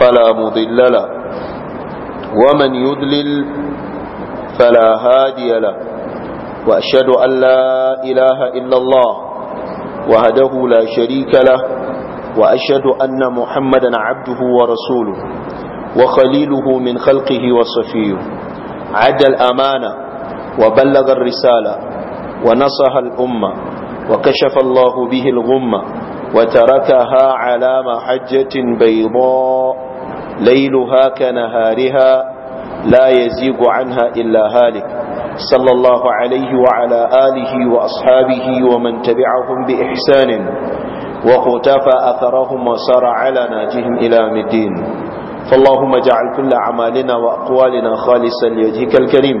فلا مضل له ومن يضلل فلا هادي له وأشهد أن لا إله إلا الله وهده لا شريك له وأشهد أن محمدا عبده ورسوله وخليله من خلقه وصفيه عد الأمانة وبلغ الرسالة ونصها الأمة وكشف الله به الغمة وتركها على محجة بيضاء ليلها كنهارها لا يزيغ عنها إلا هالك صلى الله عليه وعلى آله وأصحابه ومن تبعهم بإحسان وقتف أثرهم وسار على ناجهم إلى مدين فاللهم اجعل كل أعمالنا وأقوالنا خالصا ليجهك الكريم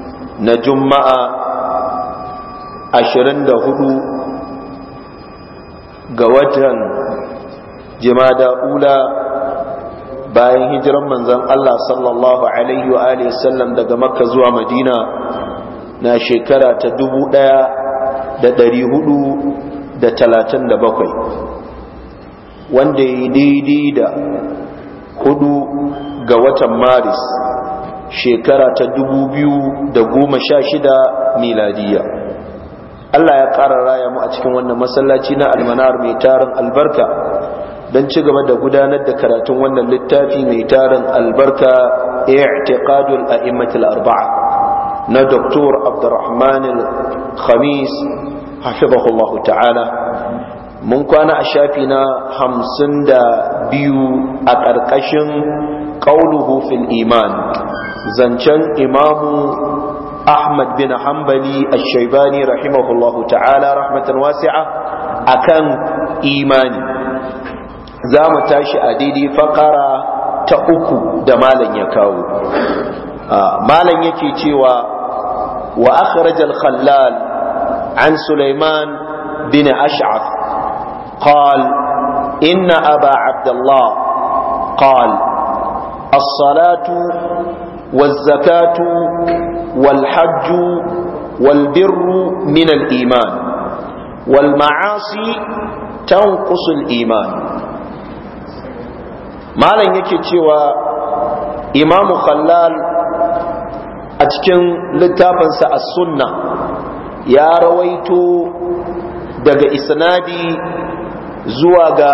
na juma'a 24 ga watan jimada ula bayan hijiran manzan Allah sallallahu alaihi wa sallam daga makka zuwa madina na shekara ta 1437 wanda ya daidai da hudu ga watan maris shekara ta 2016 miladiya Allah ya ƙara raya mu a cikin wannan masallaci na almanar mai tarin albarka don ci gaba da gudanar da karatun wannan littafi mai tarin albarka i'tiqadul a'immatul arba'a na Dr. Abdurrahman Khamis hafizahullahu ta'ala mun kwana a shafi na 52 a ƙarƙashin qauluhu fil iman zancen imamu ahmad bin hanbali ash-shaybani rahimahullahu ta'ala rahmatan wasi'a akan imani za mu tashi a daidai fakara ta uku da malam ya kawo malam yake cewa wa akhraj al-khallal an sulaiman bin ash'af qal inna aba abdullah qal الصلاة والزكاة والحج والبر من الإيمان والمعاصي تنقص iman. malam yake cewa imamu khallal a cikin littafinsa a sunna ya rawaito daga isnadi zuwa ga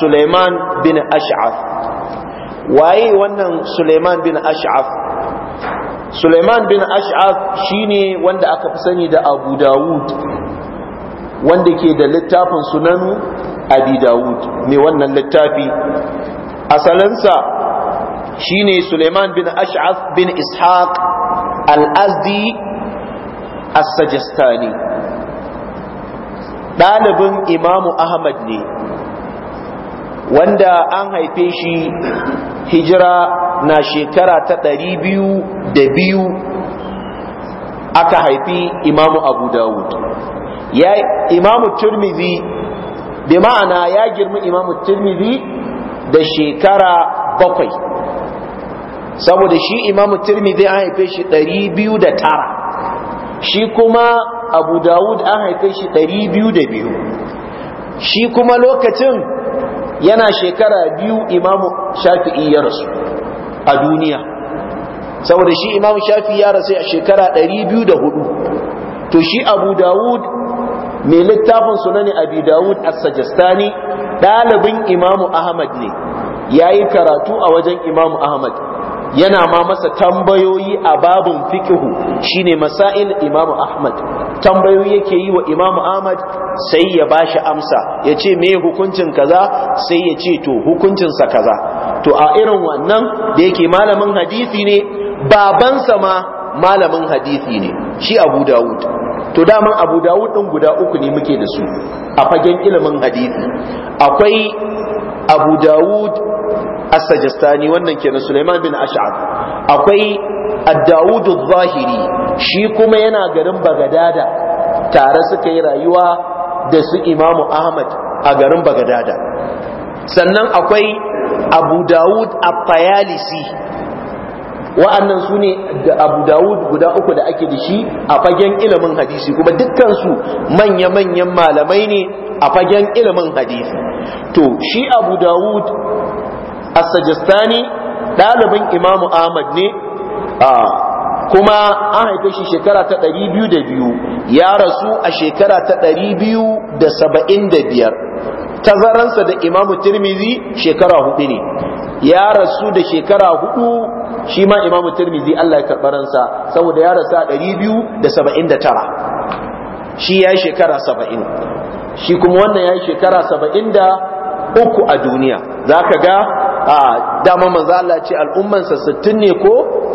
suleiman bin ash'af waye wannan suleiman bin ash'af Suleiman bin Ash'ab shine wanda aka fi sani da Abu Dawud wanda ke da littafin sunanu Abi Dawud ne wannan littafi asalansa shine Suleiman bin Ash'ab bin Ishaq al-Azdi as-Sajistani ɗalibin Imamu Ahmad ne wanda an haife shi hijira na shekara ta ɗari biyu da biyu aka haifi imamu abu dawud ya imamu turmizi bi ma'ana ya girma imamu turmizi da shekara bakwai saboda shi imamu turmizi an haife shi ɗari biyu da tara shi kuma abu dawud an haife shi ɗari biyu da biyu shi kuma lokacin yana shekara biyu imamu shafi'i ya rasu a duniya saboda shi imam shafi ya rasu a shekara 204 to shi abu dawud mai littafin sunan Abu dawud as-sajistani ɗalibin imamu ahmad ne ya yi karatu a wajen imamu ahmad yana ma masa tambayoyi a babun fikihu shine masail imamu ahmad tambayoyi yake yi wa imamu ahmad sai ya ba shi amsa ya ce me hukuncin kaza sai ya ce to hukuncinsa kaza to a irin wannan da yake malamin hadisi ne babansa ma malamin hadisi ne shi abu dawud to daman abu dawud din guda uku ne muke da su a fagen ilimin hadisi akwai abu dawud as-sajistani wannan kenan sulaiman bin ash'ab akwai ad-dawud zahiri shi kuma yana garin bagadada tare suka yi rayuwa da su imamu ahmad a garin bagadada sannan akwai abu dawud at-tayalisi wa'annan su ne da abu dawud guda uku da ake da shi a fagen ilimin hadisi kuma dukkansu manya-manyan malamai ne a fagen ilimin hadisi to shi abu dawud a sajistani ɗalibin imamu ahmad ne a kuma an haife shi shekara ta ɗari biyu da biyu ya rasu a shekara ta ɗari biyu da saba'in da biyar tazaransa da imamu tirmizi shekara hudu ne ya rasu da shekara hudu shi ma imamu tirmizi Allah ya karɓaransa saboda ya rasu a ɗari biyu da saba'in da tara shi ya shekara saba'in shi kuma wannan ya yi shekara saba'in da uku a duniya za ka ga a dama manzo Allah ce al'ummansa sittin ne ko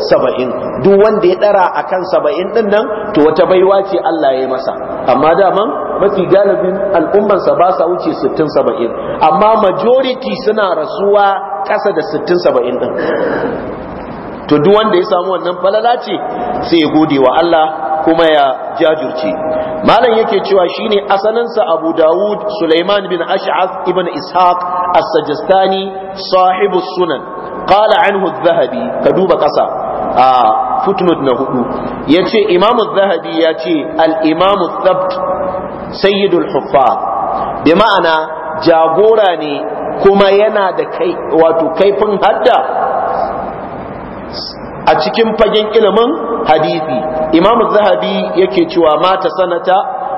saba'in duk wanda ya ɗara a kan saba'in ɗin nan to wata baiwa ce Allah ya yi masa amma daman mafi galibin al'ummansa ba sa wuce sittin saba'in amma majority suna rasuwa ƙasa da sittin saba'in ɗin to duk wanda ya samu wannan falala ce sai ya gode wa Allah kuma ya jajirce malam yake cewa shine asalinsa Abu Dawud Sulaiman bin Ash'ath ibn Ishaq as-Sajistani sahibu sunan qala anhu adh-Dhahabi ka duba kasa a footnote na hudu yace Imam adh-Dhahabi yace al-Imam ath-Thabt sayyidul huffaz bi ma'ana jagora ne kuma yana da kai wato kaifin hadda a cikin fagen ilimin hadisi imam zahabi yake cewa mata sanata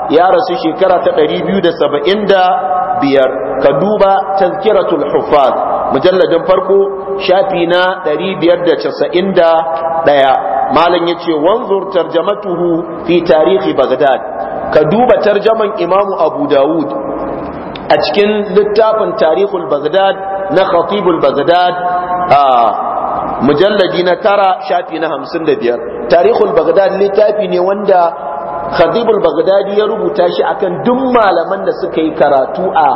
ya rasu shekara ta 275 ka duba tazkiratul hufaz mujalladin farko shafi na 591 malam yace wanzur tarjamatuhu fi tarihi Bagdad, ka duba tarjaman imam abu dawud a cikin littafin tarihul Bagdad, na khatibul Bagdad. a mujalladi na tara shafi na hamsin da biyar tarihul bagdad littafi ne wanda khatibul bagdadi ya rubuta shi akan duk malaman da suka yi karatu a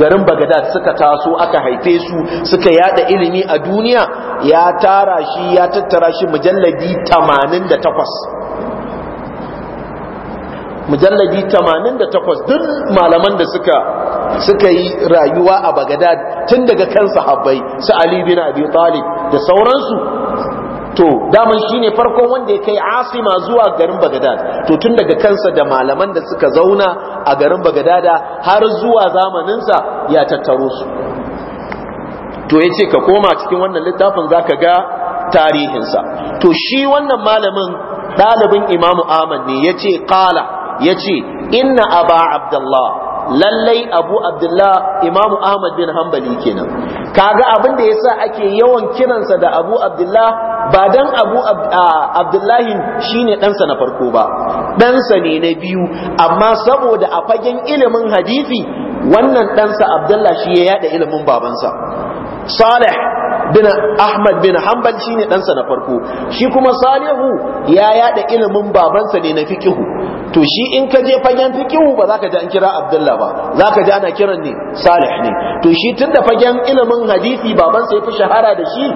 garin bagdad suka taso aka haife su suka yada ilimi a duniya ya tara shi ya tattara shi mujalladi 88 mujalladi 88 duk malaman da suka suka yi rayuwa a Baghdad tun daga kan sahabbai su Ali bin Abi Talib da sauransu to daman shine farkon wanda ya kai asima zuwa garin Baghdad to tun daga kansa da malaman da suka zauna a garin Baghdad har zuwa zamaninsa ya tattaro su to yace ka koma cikin wannan littafin zaka ga tarihinsa to shi wannan malamin ɗalibin imamu Ahmad ne ya ce ƙala ya ce inna aba abdullah lallai abu abdullah imamu ahmad bin hanbali kenan kaga abin da sa ake yawan kiransa da abu abdullah ba dan abu abdullahi shine ɗansa na farko ba ɗansa ne na biyu amma saboda a fagen ilimin hadisi wannan ɗansa abdullah shi ya yada ilimin babansa salih bin Ahmad bin Hanbal shine dansa na farko shi kuma Salihu ya yada ilimin babansa ne na fiqhu to shi in ka je fagen fiqhu ba za ka ji an kira Abdullah ba zaka ka ji ana kiran ne Salih ne to shi tunda fagen ilimin hadisi babansa ya fi shahara da shi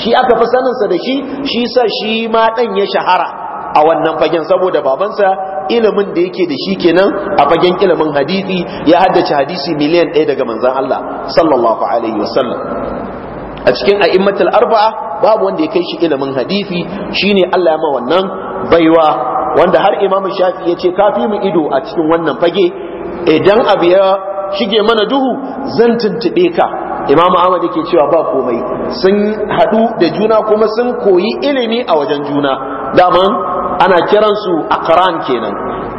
shi aka fi sanin sa da shi shi sa shi ma dan ya shahara a wannan fagen saboda babansa ilimin da yake da shi kenan a fagen ilimin hadisi ya haddace hadisi miliyan ɗaya daga manzon Allah sallallahu alaihi wasallam a cikin a'immatul arba'a babu wanda ya kai shi ilimin hadisi shine Allah ya ma wannan baiwa wanda har Imam Shafi ya ce kafi mu ido a cikin wannan fage idan abu ya shige mana duhu zan tuntube ka Imam Ahmad yake cewa ba komai sun hadu da juna kuma sun koyi ilimi a wajen juna Dama ana kiransu aqran kenan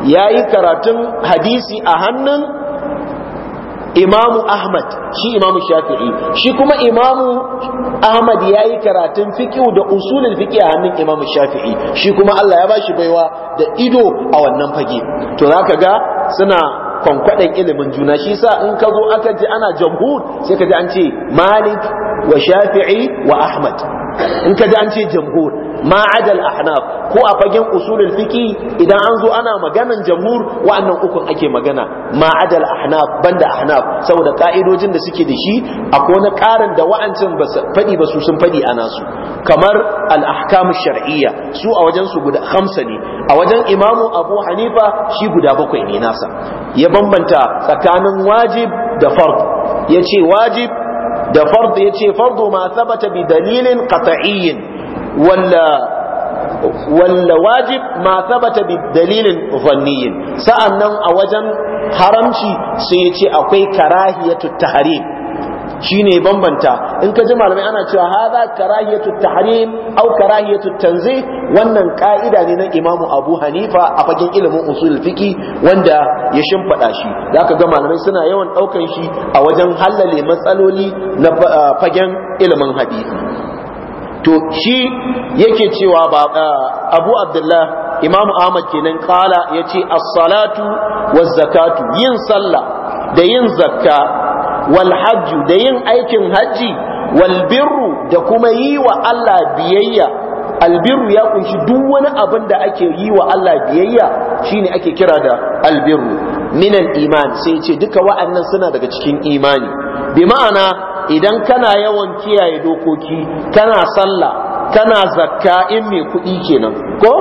yayi karatun hadisi a hannun imamu ahmad shi imamu shafi'i shi kuma imamu ahmad ya yi karatun fiƙiu da usulin fiƙi a hannun imamu shafi'i shi kuma allah ya bashi baiwa da ido a wannan fage to za ka ga suna kwankwaɗan ilimin juna shi sa in ka zo aka ji ana jamhur sai ka ji an ce malik wa shafi'i wa ahmad in ka ji an ce jamhur ma'adal ahnaf ko a fagen usulul fiqi idan an zo ana maganan jamhur wa'annan ukun ake magana ma'adal ahnaf banda ahnaf saboda ka'idojin da suke da shi akwai na karin da wa'ancin fadi ba su sun fadi ana su kamar al ahkam shar'iyya su a wajen su guda hamsa ne a wajen imamu abu hanifa shi guda bakwai ne nasa ya bambanta tsakanin wajib da fard yace wajib da fard yace fardu ma thabata bi dalilin qat'iyyin walla wajib ma thabata bi dalilin zanniyin sa'annan a wajen haramci sai ya ce akwai karahiyatu tahrim shine bambanta in ka ji malamai ana cewa hadha karahiyatu tahrim au karahiyatu tanzih wannan ka'ida ne na Imam Abu Hanifa a fagen ilimin usul fiqi wanda ya shimfada shi zaka ga malamai suna yawan daukan shi a wajen hallale matsaloli na eh, fagen ilimin hadisi to shi yake cewa ba abu abdullah imam ahmad kenan kala ya ce as-salatu waz zakatu yin sallah da yin zakka wal hajju da yin aikin hajji wal birru da kuma yi wa Allah biyayya albirru ya kunshi duk wani abin da ake yi wa Allah biyayya shine ake kira da albirru minan iman sai ce duka wa'annan suna daga cikin imani bi ma'ana idan kana yawan kiyaye dokoki kana sallah kana zakka in mai kuɗi kenan ko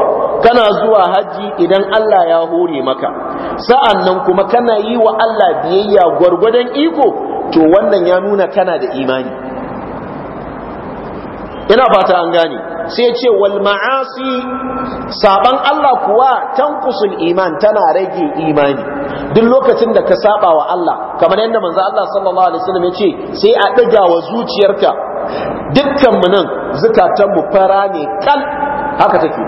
kana zuwa haji idan Allah ya hore maka sa'annan kuma kana yi wa Allah biyayya gwargwadon iko to wannan ya nuna kana da imani ina fata an gane sai ce wal ma'asi saban Allah kuwa tankusul iman tana rage imani duk lokacin da ka saba wa Allah kamar yadda manzo Allah sallallahu alaihi wasallam ya ce sai a daga wa zuciyarka dukkan mu nan zikatan mu fara ne kal haka take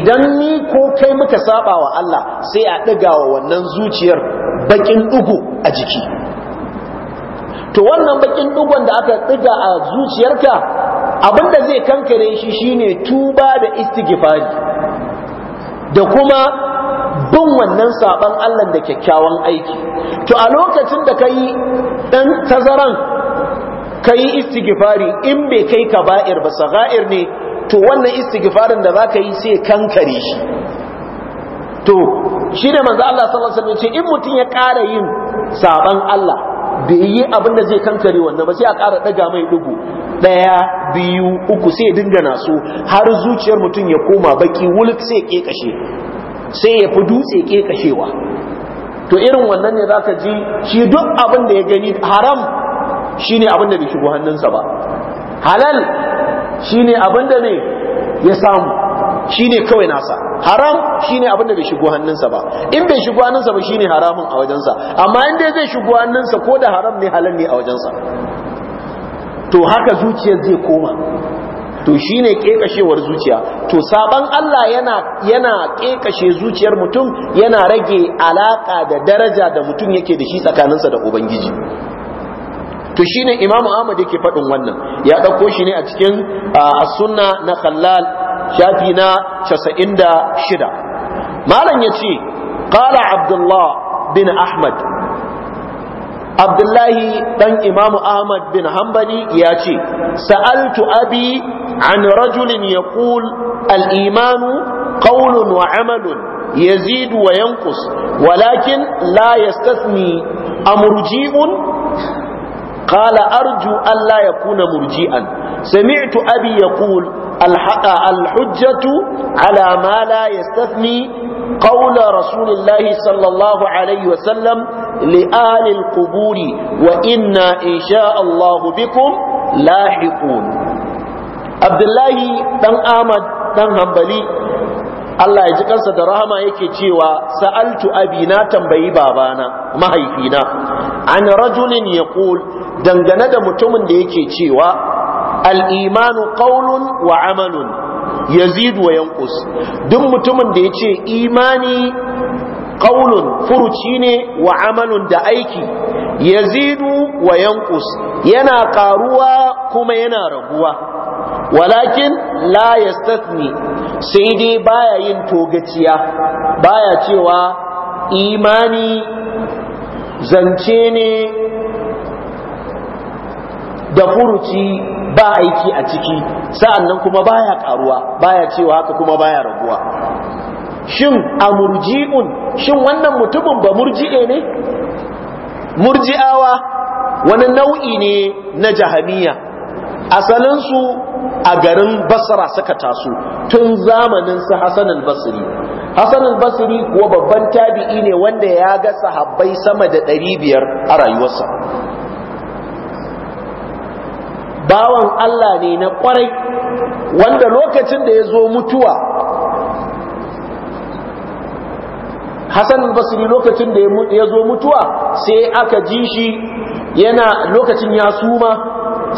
idan ni ko kai muka saba wa Allah sai a daga wa wannan zuciyar bakin ɗugu a jiki to wannan bakin dugon da aka tsiga a zuciyarka abinda zai kankare shi shine tuba da istighfar da kuma bin wannan saban Allah da kyakkyawan aiki to a lokacin da kai dan tazaran kai istighfari in bai kai kaba'ir ba sagha'ir ne to wannan istighfarin da zaka yi sai kankare shi to shi ne manzo Allah sallallahu alaihi wasallam ce in mutun ya ƙara yin saban Allah bai yi abin da zai kankare wannan ba sai a ƙara daga mai dugu daya biyu uku sai ya dinga nasu har zuciyar mutum ya koma baki wulik sai ya kekashe sai ya fi dutse kekashewa to irin wannan ne zaka ji shi duk abin da ya gani haram shine abin da bai shigo hannunsa ba halal shine abin da ne ya samu shine kawai nasa haram shine abin da bai shigo hannunsa ba in bai shigo hannunsa ba shine haramun a wajensa amma in dai zai shigo hannunsa ko da haram ne halal ne a wajensa to haka zuciyar zai koma to shine kekashewar zuciya to sabon Allah yana ƙeƙashe kekashe zuciyar mutum yana rage alaƙa da daraja da mutum yake da shi tsakaninsa da ubangiji to shine Imam Ahmad yake faɗin wannan ya ɗauko shi ne a cikin as-sunna na kallal shafi na casa'in da shida. malam ya ce ƙala Abdullah bin Ahmad abdullahi dan imamu ahmad bin hanbali ya ce sa'altu abi an rajulin ya al-imanu qawlun wa amalun zidu wa 'yankus, walakin la a murji'un? qala arju ya yakuna murji'an sami'tu abi yaqul alhaqa alhujjatu ala ma la yastathni li ahli alqubur wa inna insha Allah bikum lahiqun abdullahi dan ahmad dan hanbali Allah ya ji kansa da rahama yake cewa sa'altu abi na tambayi babana mahaifina an rajulin yaqul dangane da mutumin da yake cewa al'imanu qaulun wa amalun yazid wa yanqus duk mutumin da yace imani qaulun furuci ne wa amalun da aiki yazidu wa yanqus yana ƙaruwa kuma yana raguwa walakin la yastathni sai dai baya yin togaciya baya cewa imani zance ne da furuci ba aiki a ciki sa'an nan kuma baya karuwa baya cewa haka kuma baya raguwa shin a murji'un shin wannan mutumin ba murji'e ne murji'awa wani nau'i ne na jahamiya asalinsu a garin basra suka taso tun zamanin su hasan al-basri hasan al-basri kuwa babban tabi'i ne wanda ya ga sahabbai sama da 500 a rayuwarsa bawan Allah ne na kwarai wanda lokacin da ya zo mutuwa Hassan Basri lokacin da ya zo mutuwa sai aka ji shi yana lokacin ya suma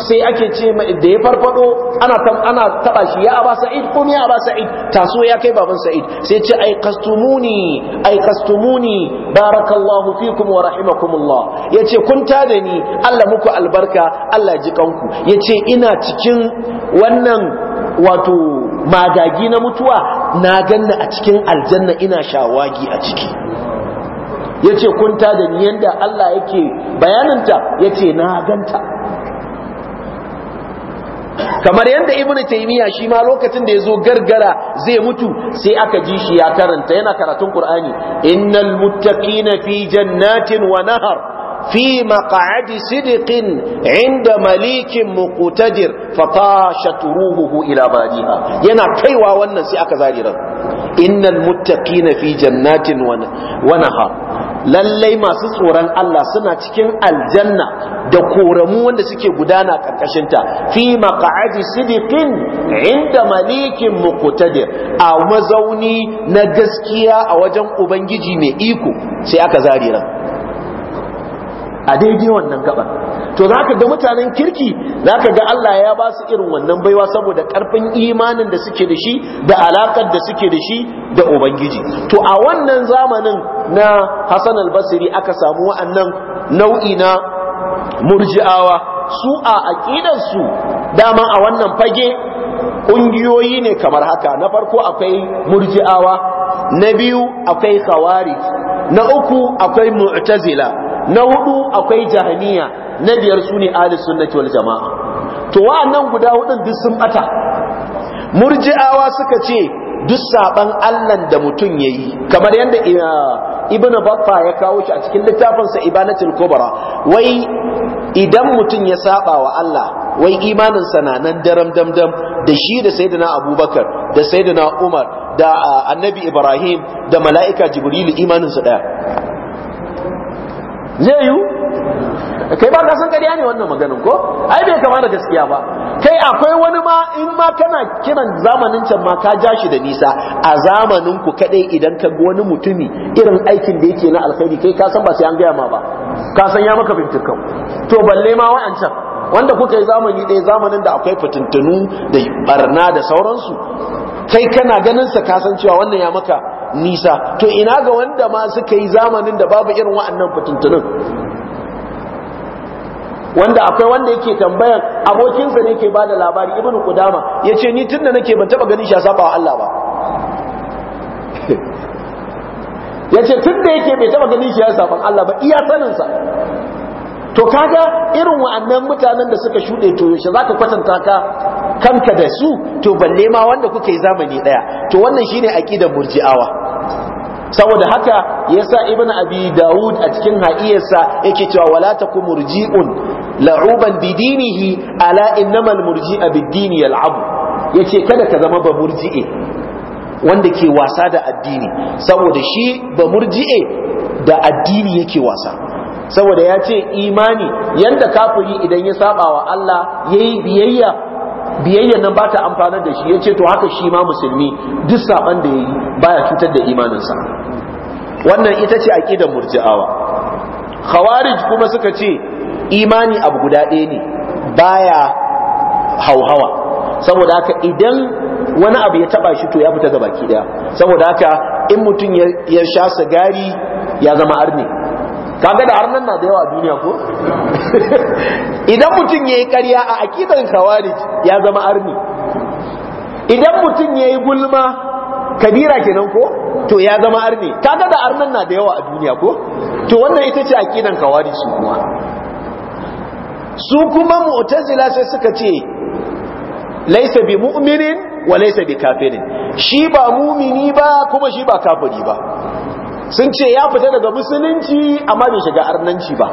sai ake ce da ya farfado ana ana taba shi ya aba sa'id ko ya aba sa'id taso ya kai baban sa'id sai ce ai Kastumuni, ai Kastumuni, barakallahu fikum wa rahimakumullah yace kun tada ni Allah muku albarka Allah ji kanku yace ina cikin wannan wato magagi na mutuwa na ganna a cikin aljanna ina shawagi a ciki yace kun tada ni yanda Allah yake bayananta yace na ganta kamar yadda ibnu taymiya shi ma lokacin da yazo gargara zai mutu sai aka ji shi ya karanta yana karatun qur'ani innal muttaqina fi jannatin wa nahar fi maq'adi sidqin 'inda malikin muqtadir fatashat ruhuhu ila badiha yana kaiwa wannan sai aka zari ran innal muttaqina fi jannatin wa nahar lallai masu tsoron Allah suna cikin aljanna da koramu wanda suke gudana ƙarƙashinta fi maq'adi sidiqin inda malikin muqtadir a mazauni na gaskiya a wajen ubangiji mai iko sai aka zari ran a daidai wannan gaban, to za ka ga mutanen kirki za ka ga Allah ya ba su irin wannan baiwa saboda karfin imanin da suke da shi da alakar da suke da shi da ubangiji to a wannan zamanin na Hassan al-Basri aka samu wa'annan nau'i na murji'awa su a aqidar su dama a wannan fage ƙungiyoyi ne kamar haka na farko akwai murji'awa na biyu akwai khawarij na uku akwai mu'tazila na hudu akwai jahamiya na biyar su ne ahli sunnati wal jama'a to wa'annan guda hudun duk sun bata murji'awa suka ce duk saban Allah da mutum yayi kamar yadda eh, ibnu baffa ya kawo shi a cikin littafinsa ibanatul kubra wai idan mutum ya saba wa Allah wai imaninsa na nan daram dam dam da shi da sayyidina abubakar da sayyidina umar da ah, annabi ibrahim da mala'ika jibrilu imaninsa daya zai yiwu kai ba ka san ƙarya ne wannan maganin ko ai bai kama da gaskiya ba kai akwai wani ma in ma kana kiran zamanin can ma ka ja shi da nisa a zamanin ku kadai idan ka ga wani mutumi irin aikin da yake na alkhairi kai ka san ba sai an gaya ma ba ka san ya maka bintikan to balle ma wa'ancan wanda kuka yi zamani ɗaya zamanin da akwai fitintunu da barna da sauransu kai kana ganin sa kasancewa wannan ya maka nisa to ina ga wanda ma suka yi zamanin da babu irin wa'annan fitintunin wanda akwai wanda yake tambayan abokinsa ne ke bada labari ibnu kudama yace ni tunda nake ban taba ganin shi saɓa wa Allah ba yace tunda yake bai taba ganin shi ya saban Allah ba iya sanin sa to kaga irin wa'annan mutanen da suka shude to yaushe zaka kwatanta ka kanka da su to balle ma wanda kuka yi zamani daya to wannan shine aqidar murji'awa saboda haka yasa ibn abi daud a cikin haiyarsa yake cewa wala takum murji'un la'uban bidinihi ala innamal murji'a bid-dini yal'abu yace kada ka zama ba murji'e wanda ke wasa da addini saboda shi ba murji'e da addini yake wasa saboda ya ce imani yanda kafiri idan ya saba wa Allah yayi biyayya biyayya nan bata amfanar da shi yace to haka shi ma musulmi duk saban da yayi baya cutar da imaninsa wannan ita ce aqidar murji'awa khawarij kuma suka ce imani abu guda ɗaya ne baya hauhawa saboda haka idan wani abu ya taba shi to ya fita gaba ki daya saboda haka in mutum ya sha sigari ya zama arne kaga da arnan na da yawa a duniya ko idan mutum yayi ƙarya a aqidar khawarij ya zama arne idan mutum yayi gulma kabira kenan ko to ya zama arne kaga da arnan na da yawa a duniya ko to wannan ita ce aqidan kawari su kuma su kuma mu'tazila sai suka ce laysa bi mu'minin wa laysa bi kafirin shi ba mumini ba kuma shi ba kafiri ba sun ce ya fita daga musulunci amma bai shiga arnanci ba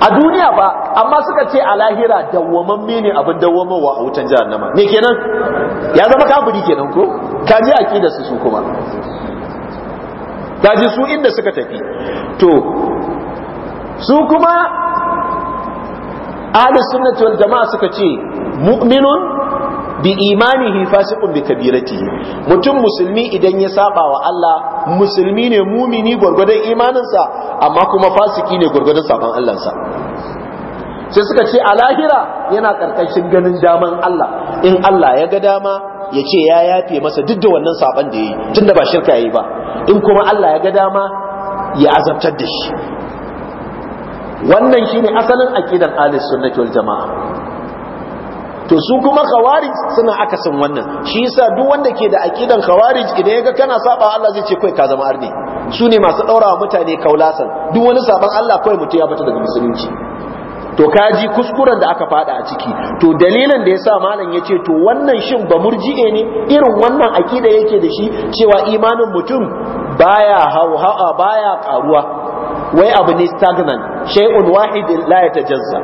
a duniya ba amma suka ce a lahira dawwamamme ne abin dawwamawa a wutan jahannama ne kenan ya zama kafiri kenan ko ka ji aqida su su kuma ka ji su inda suka tafi to su kuma ahli sunnati wal jamaa suka ce mu'minun bi imanihi fasiqun bi kabiratihi mutum musulmi idan ya saba wa Allah musulmi ne mumini gurgurdan imaninsa amma kuma fasiki ne gurgurdan saban Allahnsa sai suka ce a lahira yana karkashin ganin daman Allah in Allah ya ga dama ya ce ya yafe masa duk da wannan saban da yayi tunda ba shirka yayi ba in kuma Allah ya ga dama ya azabtar da shi wannan shine asalin aqidan ahlus sunnati wal jamaa to su kuma khawarij suna akasin wannan shi yasa duk wanda ke da aqidan khawarij idan yaga kana saba Allah zai ce kai ka zama arni su ne masu daura mutane kaulasan duk wani saban Allah kai mutu ya bata daga musulunci to kaji kuskuren da aka fada a ciki to dalilin da yasa malam yace to wannan shin ba murji'e ne irin wannan akida yake da shi cewa imanin mutum baya hawa baya karuwa wai abu ne stagnant shay'un wahid la yatajazza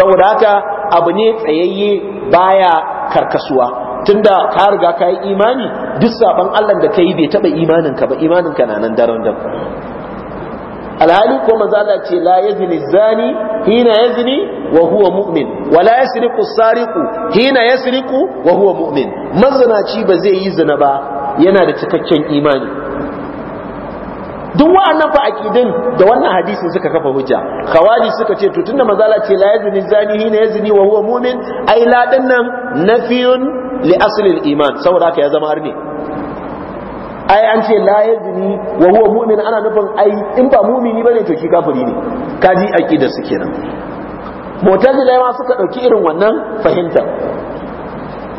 saboda haka abu ne tsayayye baya karkasuwa tunda ka riga ka yi imani duk saban Allah da ka yi bai taba ka ba imaninka na nan daren dan alhali ko maza Allah ce la yazni zani hina yazni wa huwa mu'min wa la yasriqu sariqu hina yasriqu wa huwa mu'min mazanaci ba zai yi zina ba yana da cikakken imani duk wa'annan fa aqidin da wannan hadisin suka kafa hujja khawari suka ce to tunda manzala ce la yazni zani hina yazni wa huwa mu'min ai la dinnan nafiyun li asli al-iman saboda haka ya zama arni ai an ce la yazni wa huwa mu'min ana nufin ai in ba mu'mini bane to shi kafiri ne kaji aqida su kenan mu'tazila ma suka dauki irin wannan fahimta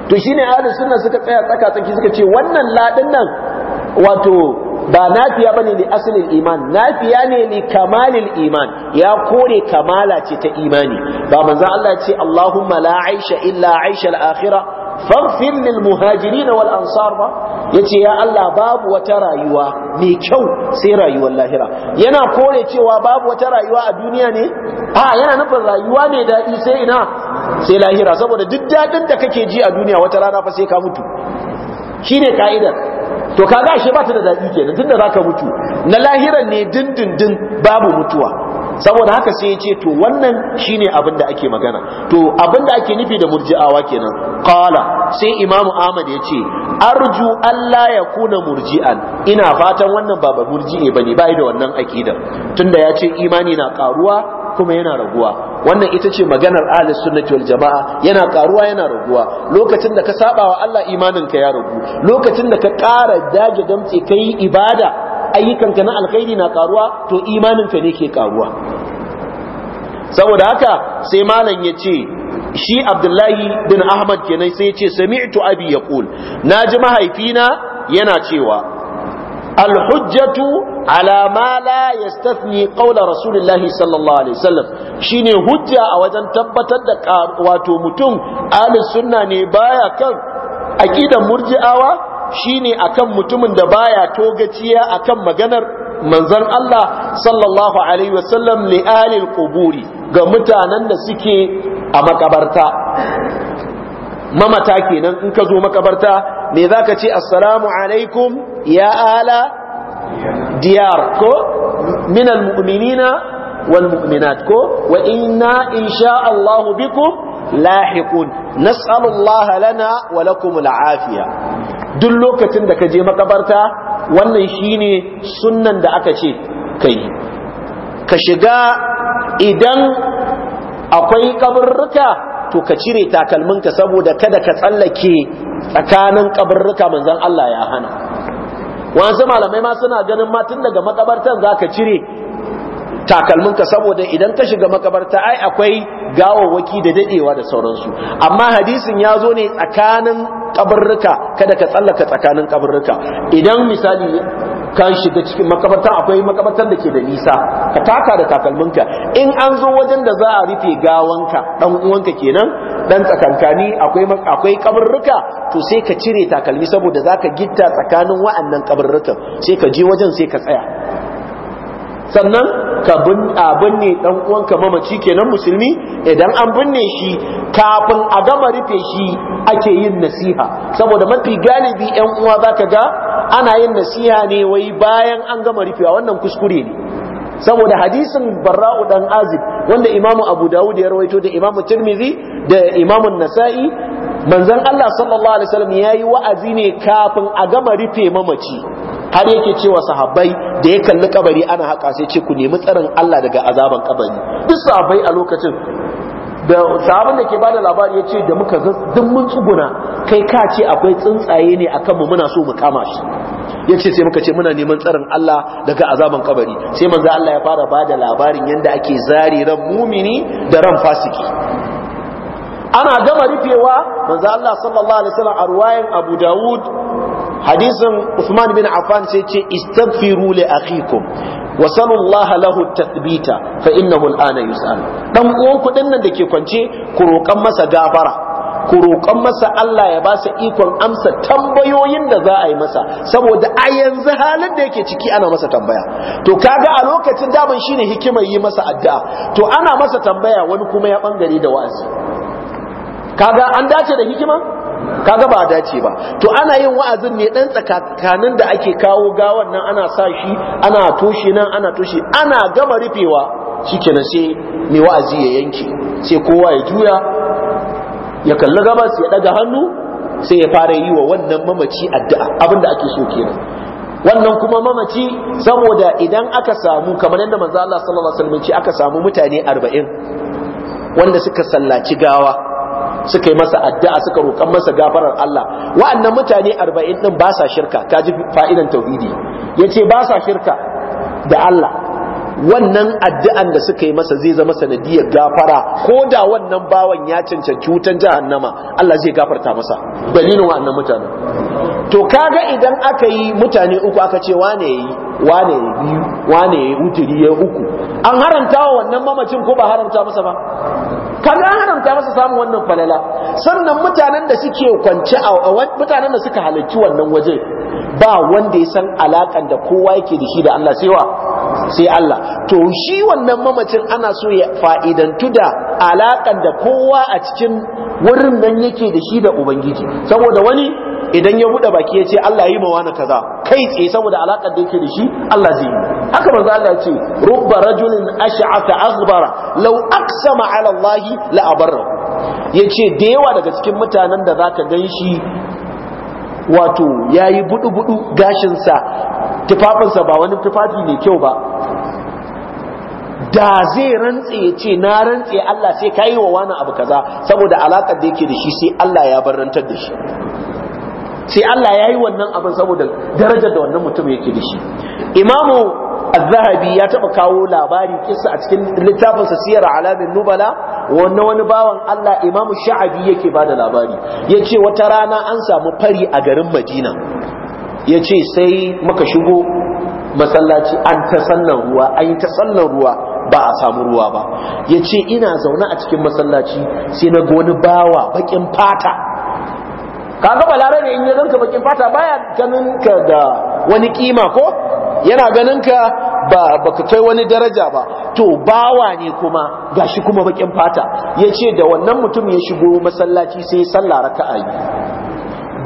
to shine ahlus sunna suka tsaya tsaka tsaki suka ce wannan ladin nan wato ba nafiya bane li asalin iman nafiya ne li kamalil iman ya kore kamala ce ta imani ba manza Allah ce Allahumma la aisha illa aisha al-akhirah faghfir lil muhajirin wal ansar ba yace ya Allah babu wata rayuwa mai kyau sai rayuwar lahira yana kore cewa babu wata rayuwa a duniya ne a yana nufin rayuwa mai daɗi sai ina sai lahira saboda duk daɗin da kake ji a duniya wata rana fa sai ka mutu shine ka'idar to kaga ashe ba ta da daɗi kenan tunda zaka mutu na lahiran ne dindindin babu mutuwa saboda haka sai ya ce to wannan shine abin da ake magana to abin da ake nufi da murji'awa kenan qala sai imamu ahmad ya ce arju allah ya kuna murji'an ina fatan wannan ba ba murji'e bane bai da wannan akidar tunda ya ce imani na karuwa kuma yana raguwa wannan ita ce maganar ahlus sunnati wal jamaa yana karuwa yana raguwa lokacin da ka saba wa Allah imanin ka ya ragu lokacin da ka ƙara dage damtse kai ibada ayyukanka na alkhairi na karuwa to imanin ka ne ke karuwa saboda haka sai malam ya ce shi abdullahi bin ahmad kenan sai ya ce sami'tu abi yaqul naji mahaifina yana cewa alhujjatu ala ma la yastathni qawla sallallahu alaihi wasallam shine hujja a wajen tabbatar da wato mutum ahlus sunna ne baya kan aqidan murji'awa shine akan mutumin da baya togaciya akan maganar manzon Allah sallallahu alaihi wasallam li alil quburi ga mutanen da suke a makabarta mamata kenan in ka zo makabarta me za ka ce assalamu alaikum ya ala diyar ko minan mu'minina wal mu'minat ko wa inna insha Allah bikum lahiqun nas'alu Allah lana wa lakum al afiya duk lokacin da ka je makabarta wannan shine sunnan da aka ce kai ka shiga idan akwai kaburruka to ka cire takalminka saboda kada ka tsallake tsakanin kabarruka manzon Allah ya hana wanzu malamai ma suna ganin ma tun daga makabartan ka cire takalminka saboda idan ka shiga makabarta ai akwai gawawwaki da dadewa da sauransu amma hadisin ya zo ne tsakanin kabarruka kada ka tsallaka tsakanin kabarruka idan misali ka shiga cikin makabarta akwai makabartar da ke da nisa ka taka da takalminka in an zo wajen da za a rufe gawanka dan uwanka kenan dan tsakankani akwai akwai kabarruka to sai ka cire takalmi saboda zaka gitta tsakanin wa'annan kabarrukan sai ka je wajen sai ka tsaya sannan ka binne dan uwanka mamaci kenan musulmi idan an binne shi kafin a gama rufe shi ake yin nasiha saboda mafi galibi yan uwa zaka ga ana yin nasiha ne wai bayan an gama rufewa wannan kuskure ne saboda hadisin barra'u dan azib wanda imamu abu dawud ya rawaito da imamu tirmidhi da imamu nasa'i manzon Allah sallallahu alaihi wasallam yayi wa'azi ne kafin a gama rufe mamaci har yake cewa sahabbai da ya kalli kabari ana haka sai ce ku nemi tsarin Allah daga azaban kabari duk sahabbai a lokacin da sahabban da ke bada labari ya ce da muka ga duk mun tsuguna kai ka ce akwai tsuntsaye ne a kanmu muna so mu kama shi ya ce sai muka ce muna neman tsarin Allah daga azaban kabari sai manzo Allah ya fara bada labarin yanda ake zari ran mumini da ran fasiki ana gama rufewa manzo Allah sallallahu alaihi wasallam a ruwayan Abu Dawud hadisin Usman bin Affan sai ce istaghfiru li akhikum wa sallallahu lahu tathbita fa innahu al'ana yus'al dan uwan ku nan da ke kwance ku roƙan masa gafara ku roƙan masa Allah ya ba sa ikon amsa tambayoyin da za a yi masa saboda a yanzu halin da yake ciki ana masa tambaya to kaga a lokacin daban shine hikimar yi masa addu'a to ana masa tambaya wani kuma ya bangare da wa'azi kaga an dace da hikima kaga ba dace ba to ana yin wa'azin ne dan tsakanin da ake kawo gawan nan ana sa shi ana toshe nan ana toshe ana gama rufewa shikenan sai mai wa'azi ya yanke sai kowa ya juya ya kalli gabas ya daga hannu sai ya fara yi wa wannan mamaci addu'a abinda ake so kenan wannan kuma mamaci saboda idan aka samu kamar yadda manzo Allah sallallahu alaihi wasallam ce aka samu mutane 40 wanda suka sallaci gawa suka yi masa addu'a suka roƙan masa gafarar Allah wa'annan mutane 40 din ba sa shirka kaji fa'idan tauhidi yace ba sa shirka da Allah wannan addu'an da suka yi masa zai zama sanadiyar gafara ko da wannan bawan ya cancanci wutan jahannama Allah zai gafarta masa dalilin wa'annan mutane to kaga idan aka yi mutane uku aka ce wane yi wane yi biyu wane yi ya uku an haranta wa wannan mamacin ko ba haramta masa ba kaga an haramta masa samun wannan falala sannan mutanen da suke kwance a mutanen da suka halarci wannan waje ba wanda ya san alakan da kowa yake da shi da Allah sai wa sai Allah to shi wannan mamacin ana so ya fa'idantu da alakan da kowa a cikin wurin nan yake da shi da ubangiji saboda wani idan ya buɗe baki ya ce Allah yi mawa na kaza kai tsaye saboda alaƙar da yake da shi Allah zai yi haka manzo Allah ya ce rubba rajulin ash'ata aghbara law aqsama ala Allah la abarra yace da yawa daga cikin mutanen da zaka gan shi wato yayi budu budu gashin sa tufafinsa ba wani tufafi ne kyau ba da zai rantse ya ce na rantse Allah sai ka yi wa wani abu kaza saboda alaƙar da yake da shi sai Allah ya barantar da shi sai Allah ya yi wannan abin saboda darajar da wannan mutum yake da shi imamu al zahabi ya taba kawo labari kisa a cikin littafinsa siyar alamin nubala wannan wani bawan Allah imamu sha'abi yake ba da labari ce wata rana an samu fari a garin Madina ce sai muka shigo masallaci an ta sannan ruwa an yi ta sannan ruwa ba a samu ruwa ba Ya ce ina zaune a cikin masallaci sai na ga wani bawa baƙin fata kaga ne in ya ganka bakin fata baya ganin ka da wani kima ko yana ganin ka ba baka kai wani daraja ba to bawa ne kuma gashi kuma bakin fata yace da wannan mutum ya shigo masallaci sai ya salla raka'a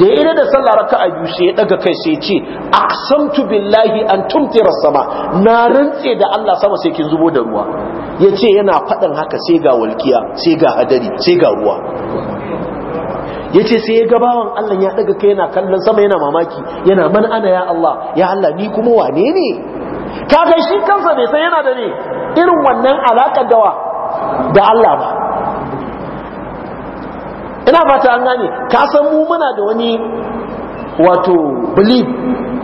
da ya da sallah raka'a biyu sai ya daga kai sai ya ce aqsamtu billahi an tumtira sama na rantse da Allah sama sai kin zubo da ruwa yace yana faɗin haka sai ga walkiya sai ga hadari sai ga ruwa ya ce sai ya gabawan Allah ya daga kai yana kallon sama yana mamaki yana man ana ya Allah ya Allah ni kuma wane ne kaga shi kansa bai san yana da ne irin wannan alaƙar dawa da Allah ba ina fata an gane ka san mu muna da wani wato belief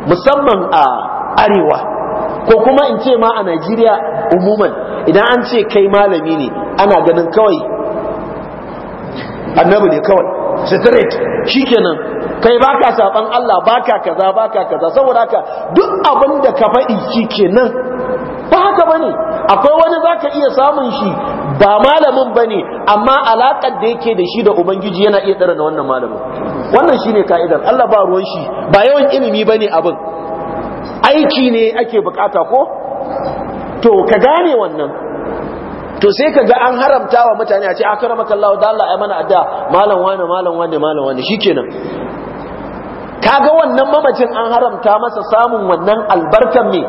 musamman a arewa ko kuma in ce ma a Najeriya umuman idan an ce kai malami ne ana ganin kawai annabi ne kawai straight shikenan kai baka saban Allah baka kaza baka kaza saboda haka duk abin da ka faɗi shikenan ba haka bane akwai wani zaka iya samun shi ba malamin bane amma alakar da yake da shi da ubangiji yana iya tsara da wannan malamin wannan shine ka'idar Allah ba ruwan shi ba yawan ilimi bane abin aiki ne ake bukata ko to ka gane wannan to sai ka ga an haramta wa mutane a ce akramakallahu da Allah ai mana adda malam wani malam wani malam wani shikenan kaga wannan mamacin an haramta masa samun wannan albarkar me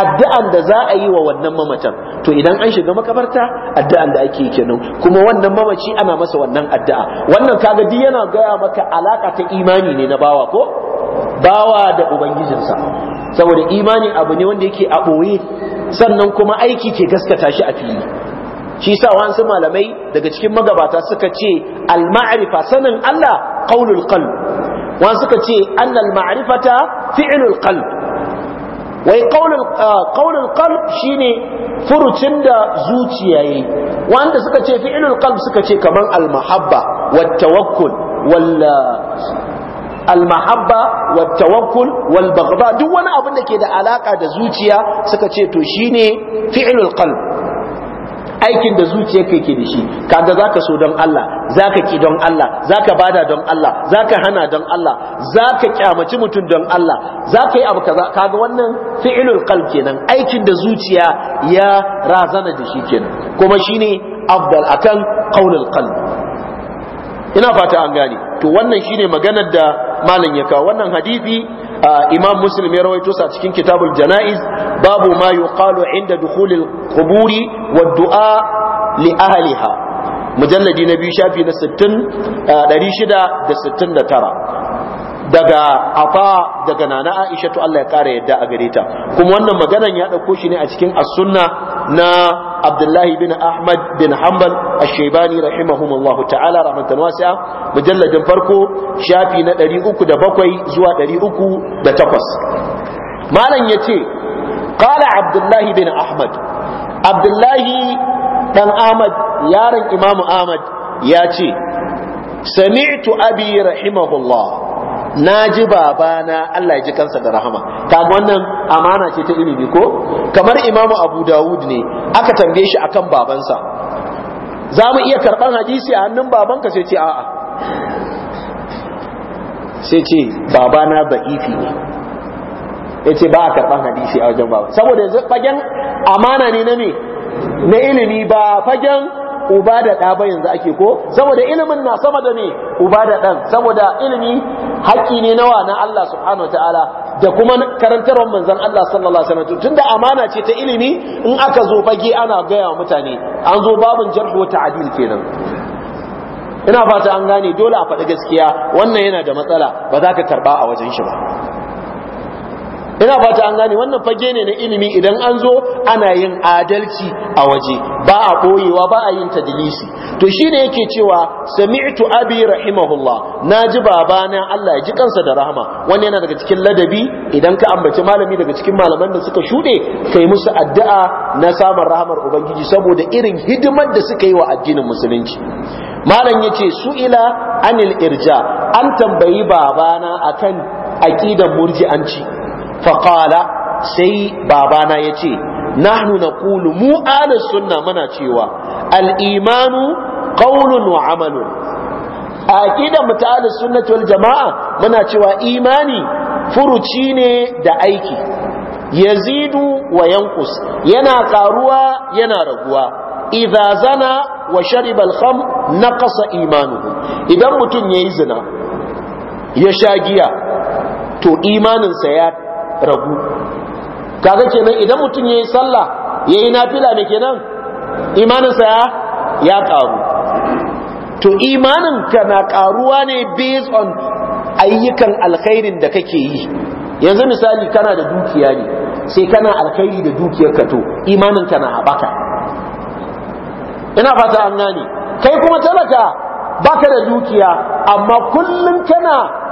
addu'an da za a yi wa wannan mamacin. to idan an shiga makabarta addu'an da ake kenan kuma wannan mamaci ana masa wannan addu'a wannan kaga duk yana gaya maka alaka ta imani ne na bawa ko bawa da ubangijinsa saboda imani abu ne wanda yake a ɓoye sannan kuma aiki ke gaskata shi a fili shi sa wasu malamai daga cikin magabata suka ce al-ma'rifa sanin Allah qaulul qalb wasu suka ce anna al-ma'rifata fi'lul qalb wai qaulul ah, qalb shine furucin da zuciya yi wanda suka ce fi'lul qalb suka ce kaman al-mahabba wat tawakkul wal almahabba wa tawakkul wal duk wani abu da ke da alaka da zuciya suka ce to shine fi'lul qalb aikin da zuciya kai ke da shi kaga zaka so don Allah zaka ki don Allah zaka bada don Allah zaka hana don Allah zaka kyamaci mutum don Allah zaka yi abu kaza kaga wannan fi'lul qalb kenan aikin da zuciya ya razana da shi kenan kuma shine afdal akan qaulul qalb ina fata an gane to wannan shine maganar da malam ya kawo wannan hadisi imam muslim ya rawaito sa cikin kitabul janaiz babu ma yuqalu inda dukhulil quburi wad du'a li ahliha mujalladi na biyu shafi na 60 669 daga afa daga nana aisha to Allah ya kara yadda a gare ta kuma wannan maganan ya dauko shi ne a cikin as-sunna na Abdullahi bin Ahmad bin Hanbal ash-Shaybani rahimahumullahu ta'ala rahmatan wasi'a mujalladin farko shafi na 307 zuwa 308 malam yace qala Abdullahi bin Ahmad Abdullahi dan Ahmad yaron Imam Ahmad ya ce sami'tu abi rahimahullah na ji babana Allah ya ji kansa da rahama kaga wannan amana ce ta ilimi ko kamar imamu abu dawud ne aka tambaye shi akan babansa za mu iya karɓar hadisi a hannun babanka sai ce a'a sai ce babana ba'ifi ne ya ce ba a karɓar hadisi a wajen baban saboda yanzu fagen amana ne na ne, na ilimi ba fagen uba da ɗa ba yanzu ake ko saboda ilimin na sama da me uba da ɗan saboda ilimi haƙƙi ne nawa na Allah subhanahu ta'ala da kuma karantarwar manzon Allah sallallahu alaihi wasallam tunda amana ce ta ilimi in aka zo fage ana gaya wa mutane an zo babun jarh wa ta'dil kenan ina fata an gane dole a faɗi gaskiya wannan yana da matsala ba za ka karba a wajen shi ba ina ba ta an gane wannan fage ne na ilimi idan an zo ana yin adalci a waje ba a ɓoyewa ba a yin tadilisi to shi ne yake cewa sami'tu abi rahimahullah na ji babana Allah ya ji kansa da rahama wani yana daga cikin ladabi idan ka ambaci malami daga cikin malaman da suka shuɗe kai musu addu'a na samun rahamar ubangiji saboda irin hidimar da suka yi wa addinin musulunci malam yace ila anil irja an tambayi babana akan aƙidan murji'anci faƙala sai babana ya ce nahnu na kulu mu alis sunna muna cewa al'imanu ƙaunin wa amalun a ƙidan mu ta sunnati jama'a muna cewa imani furuci ne da aiki yazidu wa yankus yana ƙaruwa yana raguwa idza zana wa sharibal al-kham naqasa imanuhu idan mutum yayi zina ya sha giya to sa ya ragu kaga kenan idan mutum yayi sallah yayi nafila ne kenan imaninsa ya ya karu to imanin ka na karuwa ne based on ayyukan alkhairin da kake yi yanzu misali kana da dukiya ne sai kana alkhairi da ka to imanin ka na habaka ina fata an gane kai kuma talaka baka da dukiya amma kullum kana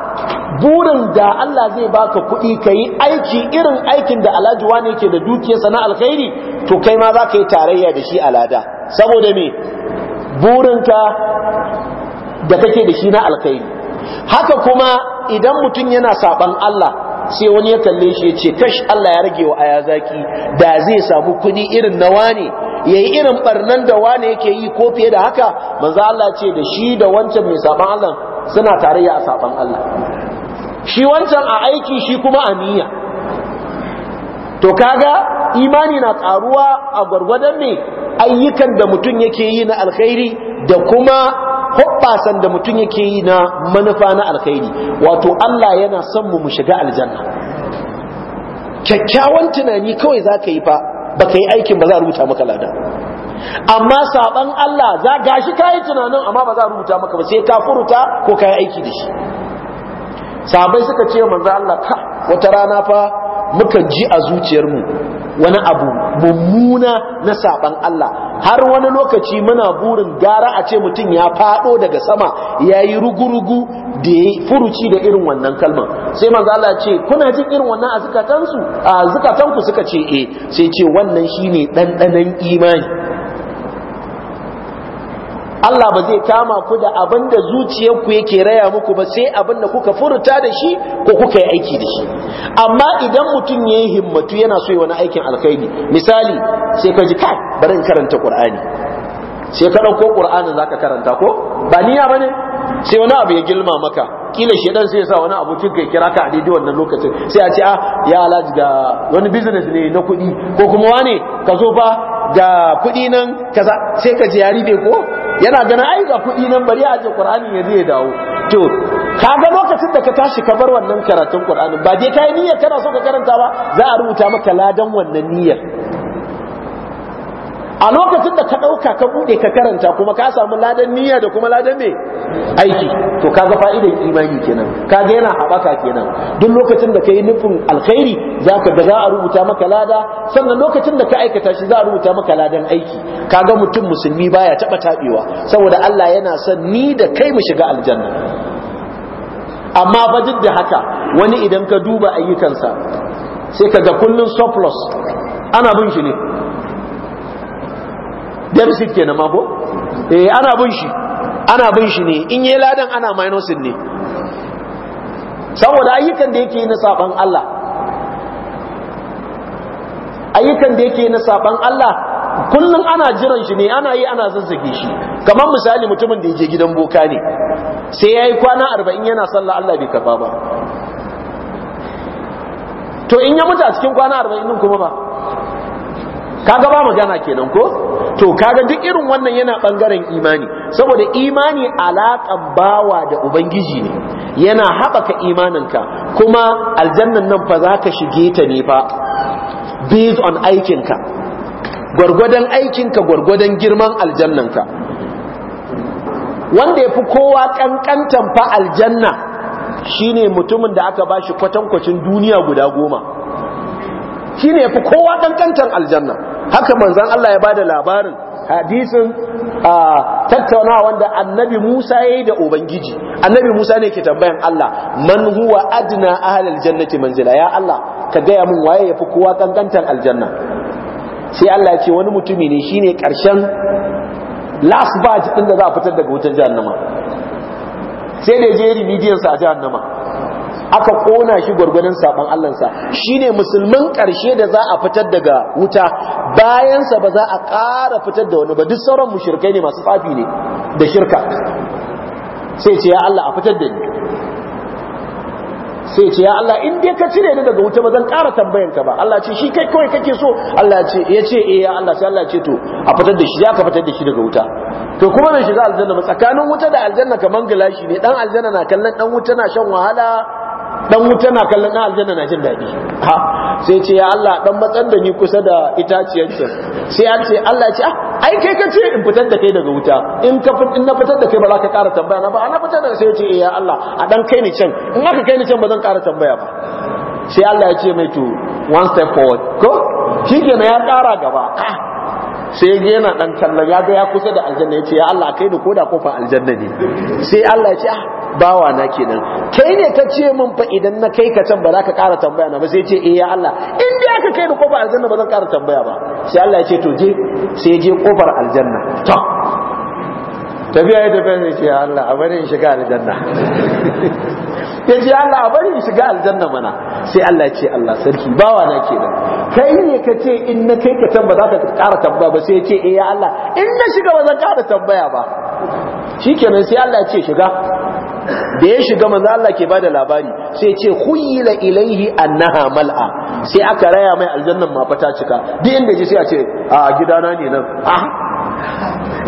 burin da Allah zai baka kuɗi ka yi aiki irin aikin da alhaji wani yake da dukiyarsa na alkhairi to kai ma za ka yi tarayya da shi alada saboda me burinka da kake da shi na alkhairi haka kuma idan mutum yana saban Allah sai wani ya kalle shi ya ce kash Allah ya rage wa aya zaki da zai samu kuɗi irin na wane yayi irin barnan da wane yake yi ko fiye da haka manzo Allah ce da shi da wancan mai saban Allah suna tarayya a saban Allah shi wancan a aiki shi kuma a niyya to kaga imani na karuwa a gwargwadon ne ayyukan da mutum yake yi na alkhairi da kuma hoppasan da mutum yake yi na manufa na alkhairi wato Allah yana son mu mu shiga aljanna kyakkyawan tunani kawai za ka yi fa ba ka yi aikin ba za a rubuta maka lada amma saban Allah za gashi kayi tunanin amma ba za rubuta maka ba sai ka furuta ko kayi aiki da shi sabai suka ce manzo Allah ka wata rana fa muka ji a zuciyar mu wani abu mummuna na saban Allah har wani lokaci muna burin gara a ce mutum ya fado daga sama yayi rugurugu da furuci da irin wannan kalman sai manzo Allah ce kuna jin irin wannan a zukatansu a suka ce eh sai ce wannan shine dandanan imani Allah ba zai kama ku da abin da zuciyarku yake raya muku ba sai abin da kuka furta da shi ko kuka yi aiki da shi amma idan mutum ya yi himmatu yana so ya wani aikin alkhairi misali sai ka ji kai bari in karanta qur'ani sai ka dauko za zaka karanta ko ba niyya bane sai wani abu ya gilma maka kila dan sai ya sa wani abokin kai kira ka a daidai wannan lokacin sai a ce a ah, ya alaji ga wani business ne na kuɗi ko kuma wane ka zo ba da kuɗi nan kaza sai ka ji ya ribe ko yana ganin ai ga kuɗi nan bari a je qur'ani ya zai dawo to ka ga lokacin da ka tashi ka bar wannan karatun qur'ani ba dai kai niyyar kana so ka karanta ba za a rubuta maka ladan wannan niyyar a lokacin da ka ɗauka ka buɗe ka karanta kuma ka samu ladan niyya da kuma ladan mai aiki to kaga fa'idan imani kenan kaga yana haɓaka kenan duk lokacin da ka nufin alkhairi za ka ga za a rubuta maka lada sannan lokacin da ka aikata shi za a rubuta maka ladan aiki kaga mutum musulmi baya taɓa taɓewa saboda Allah yana son ni da kai mu shiga aljanna amma ba duk da haka wani idan ka duba ayyukansa sai ka ga kullun surplus ana bin shi ne deficit ke na mako? eh ana bin shi ana bin shi ne in yi ladan ana minusin ne saboda ayyukan da yake yi na saban Allah ayyukan da yake yi na saban Allah kullum ana jiran shi ne ana yi ana zazzage shi kamar misali mutumin da yake gidan boka ne sai yayi kwana 40 yana sallah Allah bai karba ba to in ya mutu a cikin kwana 40 din kuma ba kaga ba magana kenan ko to kaga duk irin wannan yana bangaren imani saboda imani alaƙan bawa da ubangiji ne yana haɓaka imaninka kuma aljannan nan fa za ka shige ta ne fa based on aikinka gwargwadon aikinka gwargwadon girman aljannanka wanda ya fi kowa ƙanƙantan fa aljanna shine mutumin da aka bashi kwatankwacin duniya guda goma shine ya fi kowa ƙanƙantan aljanna haka manzan Allah ya bada labarin hadisin tattaunawa wanda annabi Musa ya yi da Ubangiji annabi Musa ne ke tambayan Allah man huwa adna ahlal jannati manzila ya Allah ka gaya mun waye ya fi kowa kankantar aljanna sai Allah ya ce wani mutumi ne shine karshen last batch din da za a fitar daga wutar jahannama sai da je remedial sa a jahannama aka kona shi gwargwadon saban Allahnsa shine musulmin karshe da za a fitar daga wuta bayansa ba za a ƙara fitar da wani ba duk sauran mushrikai ne masu tsafi ne da shirka sai ce ya Allah a fitar da ni sai ce ya Allah in dai ka cire ni daga wuta ba zan ƙara tambayan ka ba Allah ce shi kai kawai kake so Allah ya ce ya ce eh ya Allah sai Allah ya ce to a fitar da shi ya ka fitar da shi daga wuta to kuma bai shiga aljanna ba tsakanin wuta da aljanna kaman gilashi ne dan aljanna na kallon dan wuta na shan wahala dan wuta na kallon dan aljanna na jin daɗi ha sai ce ya Allah dan matsan da ni kusa da itaciyar can sai ya ce Allah ya ce ah, ai kai ka ce in fitar da kai daga wuta in ka in na fitar da kai ba za ka ƙara tambaya na ba ana ah, fitar da sai ya ce eh, ya Allah a dan kai ni can in aka kai ni can ba zan ƙara tambaya ba sai Allah ya ce mai to one step forward ko na ya ƙara gaba ah, sai ga yana dan kallon ya ga ya kusa da aljanna ya ce ya Allah kai ni koda kofa aljanna ne sai Allah ya ce ah, bawa na kenan kai ne ka ce min fa idan na kai ka can ba za ka ƙara tambaya na ba sai ce eh ya Allah in dai aka kai ni kofa aljanna ba zan ƙara tambaya ba sai Allah ya ce to je sai je kofar aljanna to tafiya ya tafiya sai ce ya Allah a bari in shiga aljanna ya ce Allah a bari shiga aljanna mana sai Allah ce Allah sarki bawa na ke nan kai ne ka ce in na kai ka ba za ka kara tambaya ba sai ya ce eh ya Allah in na shiga ba zan kara tambaya ba shikenan sai Allah ya ce shiga da ya shiga manzo Allah ke bada labari sai ya ce khuyila ilaihi annaha mal'a sai aka raya mai aljannan ma fata cika duk inda ji sai a ce a gidana ne nan a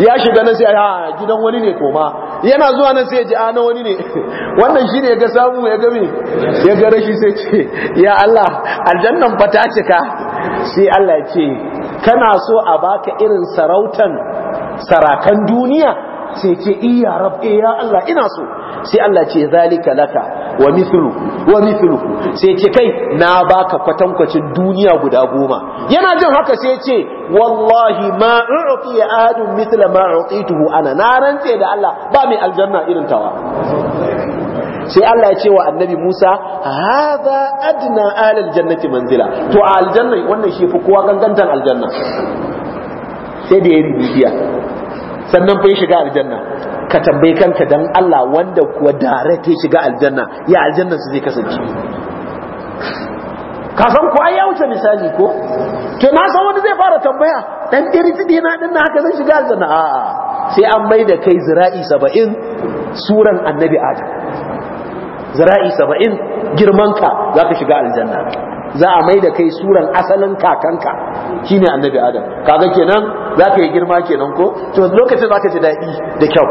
ya shiga nan sai a gidan wani ne koma yana zuwa nan sai ya ji ana ah, wani ne wannan shi ne ya ga samu ya gami ya ga shi sai ce ya Allah aljannan ba ta cika sai Allah ya ce kana so a baka irin sarautan sarakan duniya sai ce iya rab eh, ya Allah ina so sai Allah ce zalika laka wa mithlu wa mithlu sai ce kai na baka kwatankwacin duniya guda goma yana jin haka sai ce wallahi ma ya adun mithla ma u'tituhu ana na rantse da Allah ba mai aljanna irin tawa sai Allah ya ce wa annabi Musa hadha adna alal jannati manzila to a aljanna wannan shi fi kowa gangantan aljanna sai da ya bibiya sannan fa ya shiga aljanna ka tambayi kanka dan Allah wanda kuwa direct ya shiga aljanna ya aljanna su zai kasance ka san ko ya wuce misali ko to na san wanda zai fara tambaya dan diri tidi na din haka zan shiga aljanna a sai an mai da kai zira'i 70 suran annabi adam zira'i 70 girman ka zaka shiga aljanna za a mai da kai suran asalin kakanka shine annabi adam kaga kenan za ka yi girma kenan ko to lokacin za ka ji daɗi da kyau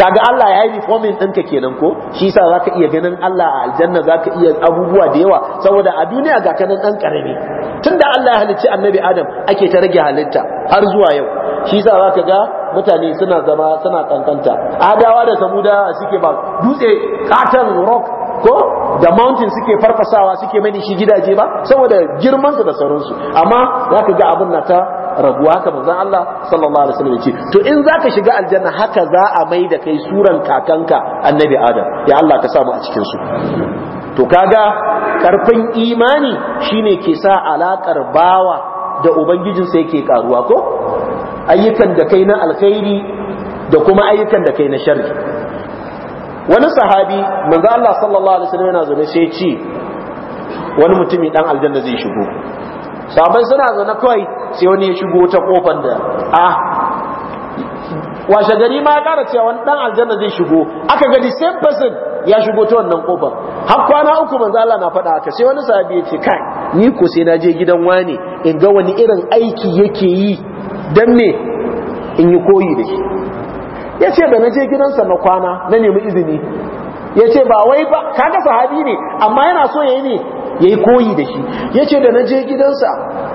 kaga Allah ya yi formin ɗinka kenan ko shi yasa za ka iya ganin Allah a aljanna za ka iya abubuwa da yawa saboda a duniya ga kanan ɗan ƙarami tunda Allah ya halicci annabi adam ake ta rage halitta har zuwa yau shi yasa za ka ga mutane suna zama suna kankanta adawa da samuda suke ba dutse katon rock ko da mountain suke farfasawa suke mani shi gidaje ba saboda girman su da sauransu amma zaka ga abun na ta raguwa haka manzon Allah sallallahu alaihi wasallam yace to in zaka shiga aljanna haka za a mai da kai suran kakanka annabi Adam ya Allah ka samu a cikin su to kaga karfin imani shine ke sa alakar bawa da ubangijin sa yake karuwa ko ayyukan da kai na alkhairi da kuma ayyukan da kai na sharri wani sahabi manzo Allah sallallahu alaihi wasallam yana zaune sai ci wani mutumi dan aljanna zai shigo sahabai suna zaune kawai sai wani ya shigo ta kofar da ah washe gari ma ya kara cewa wani dan aljanna zai shigo aka ga the same person ya shigo ta wannan kofar har kwana uku manzo Allah na faɗa haka sai wani sahabi ya ce kai ni ko sai na je gidan wani in ga wani irin aiki yake yi dan me in yi koyi da shi ya ce da na je gidansa na kwana na nemi izini ya ce ba wai ba kaga sahabi ne amma yana so ya yi ne ya yi koyi da shi ya ce da na je gidansa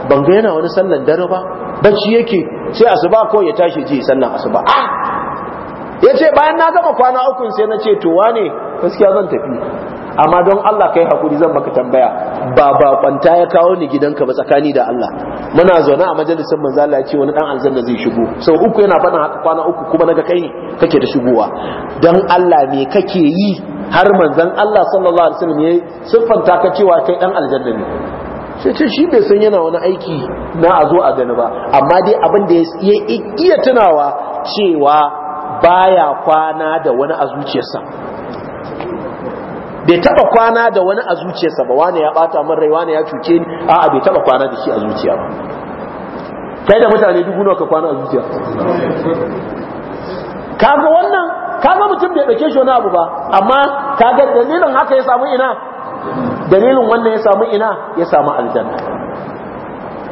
ban ga yana wani sallan dare ba bacci yake sai asuba ko ya tashi ji sallan asuba ba ah! ya ce bayan na gama kwana ukun sai na ce to wane gaskiya zan tafi amma don Allah kai hakuri zan maka tambaya ba ba kwanta ya kawo ni gidanka ba tsakani da Allah muna zaune a majalisar manzo Allah ya ce wani dan aljanna zai shigo sau uku yana faɗin haka kwana uku kuma naga kai ne kake da shigowa dan Allah me kake yi har manzon Allah sallallahu alaihi wasallam ya siffanta ka cewa kai dan aljanna ne sai ce shi bai san yana wani aiki na a zo a gani ba amma dai abin da ya iya tunawa cewa baya kwana da wani a zuciyarsa bai taba kwana da wani a zuciyarsa ba wani ya bata min rai wani ya cuce ni a'a bai taba kwana da shi a zuciya ba kai da mutane duk nawa ka kwana a zuciya kaga wannan kaga mutum bai dauke shi wani abu ba amma kaga dalilin haka ya samu ina dalilin wannan ya samu ina ya samu aljanna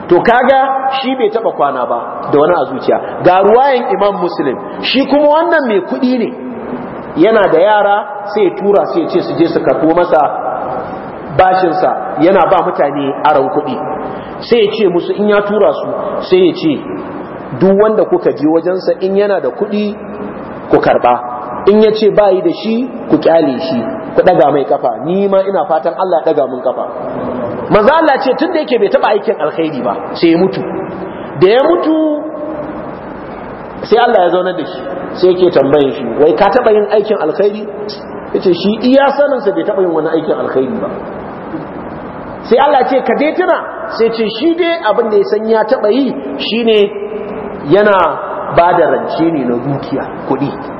to kaga shi bai taba kwana ba da wani a zuciya ga ruwayan imam muslim shi kuma wannan mai kuɗi ne yana da yara sai ya tura sai ya ce su je su karɓo masa bashinsa yana ba mutane aron kuɗi sai ya ce musu in ya tura su sai ya ce duk wanda kuka je wajensa in yana da kuɗi ku karɓa in ya ce bayi da shi ku kyale shi ku ɗaga mai kafa ni ma ina fatan Allah ya ɗaga mun kafa maza Allah ce tun da yake bai taɓa aikin alkhairi ba sai ya mutu da ya mutu sai Allah ya zaunar da shi sai yake tambayin shi wai ka taba yin aikin alkhairi yace shi iya sanin sa bai taba yin wani aikin alkhairi ba sai Allah ce ka dai tuna sai ce shi dai abin da ya san ya taba yi shine yana bada da rance ne na dukiya kuɗi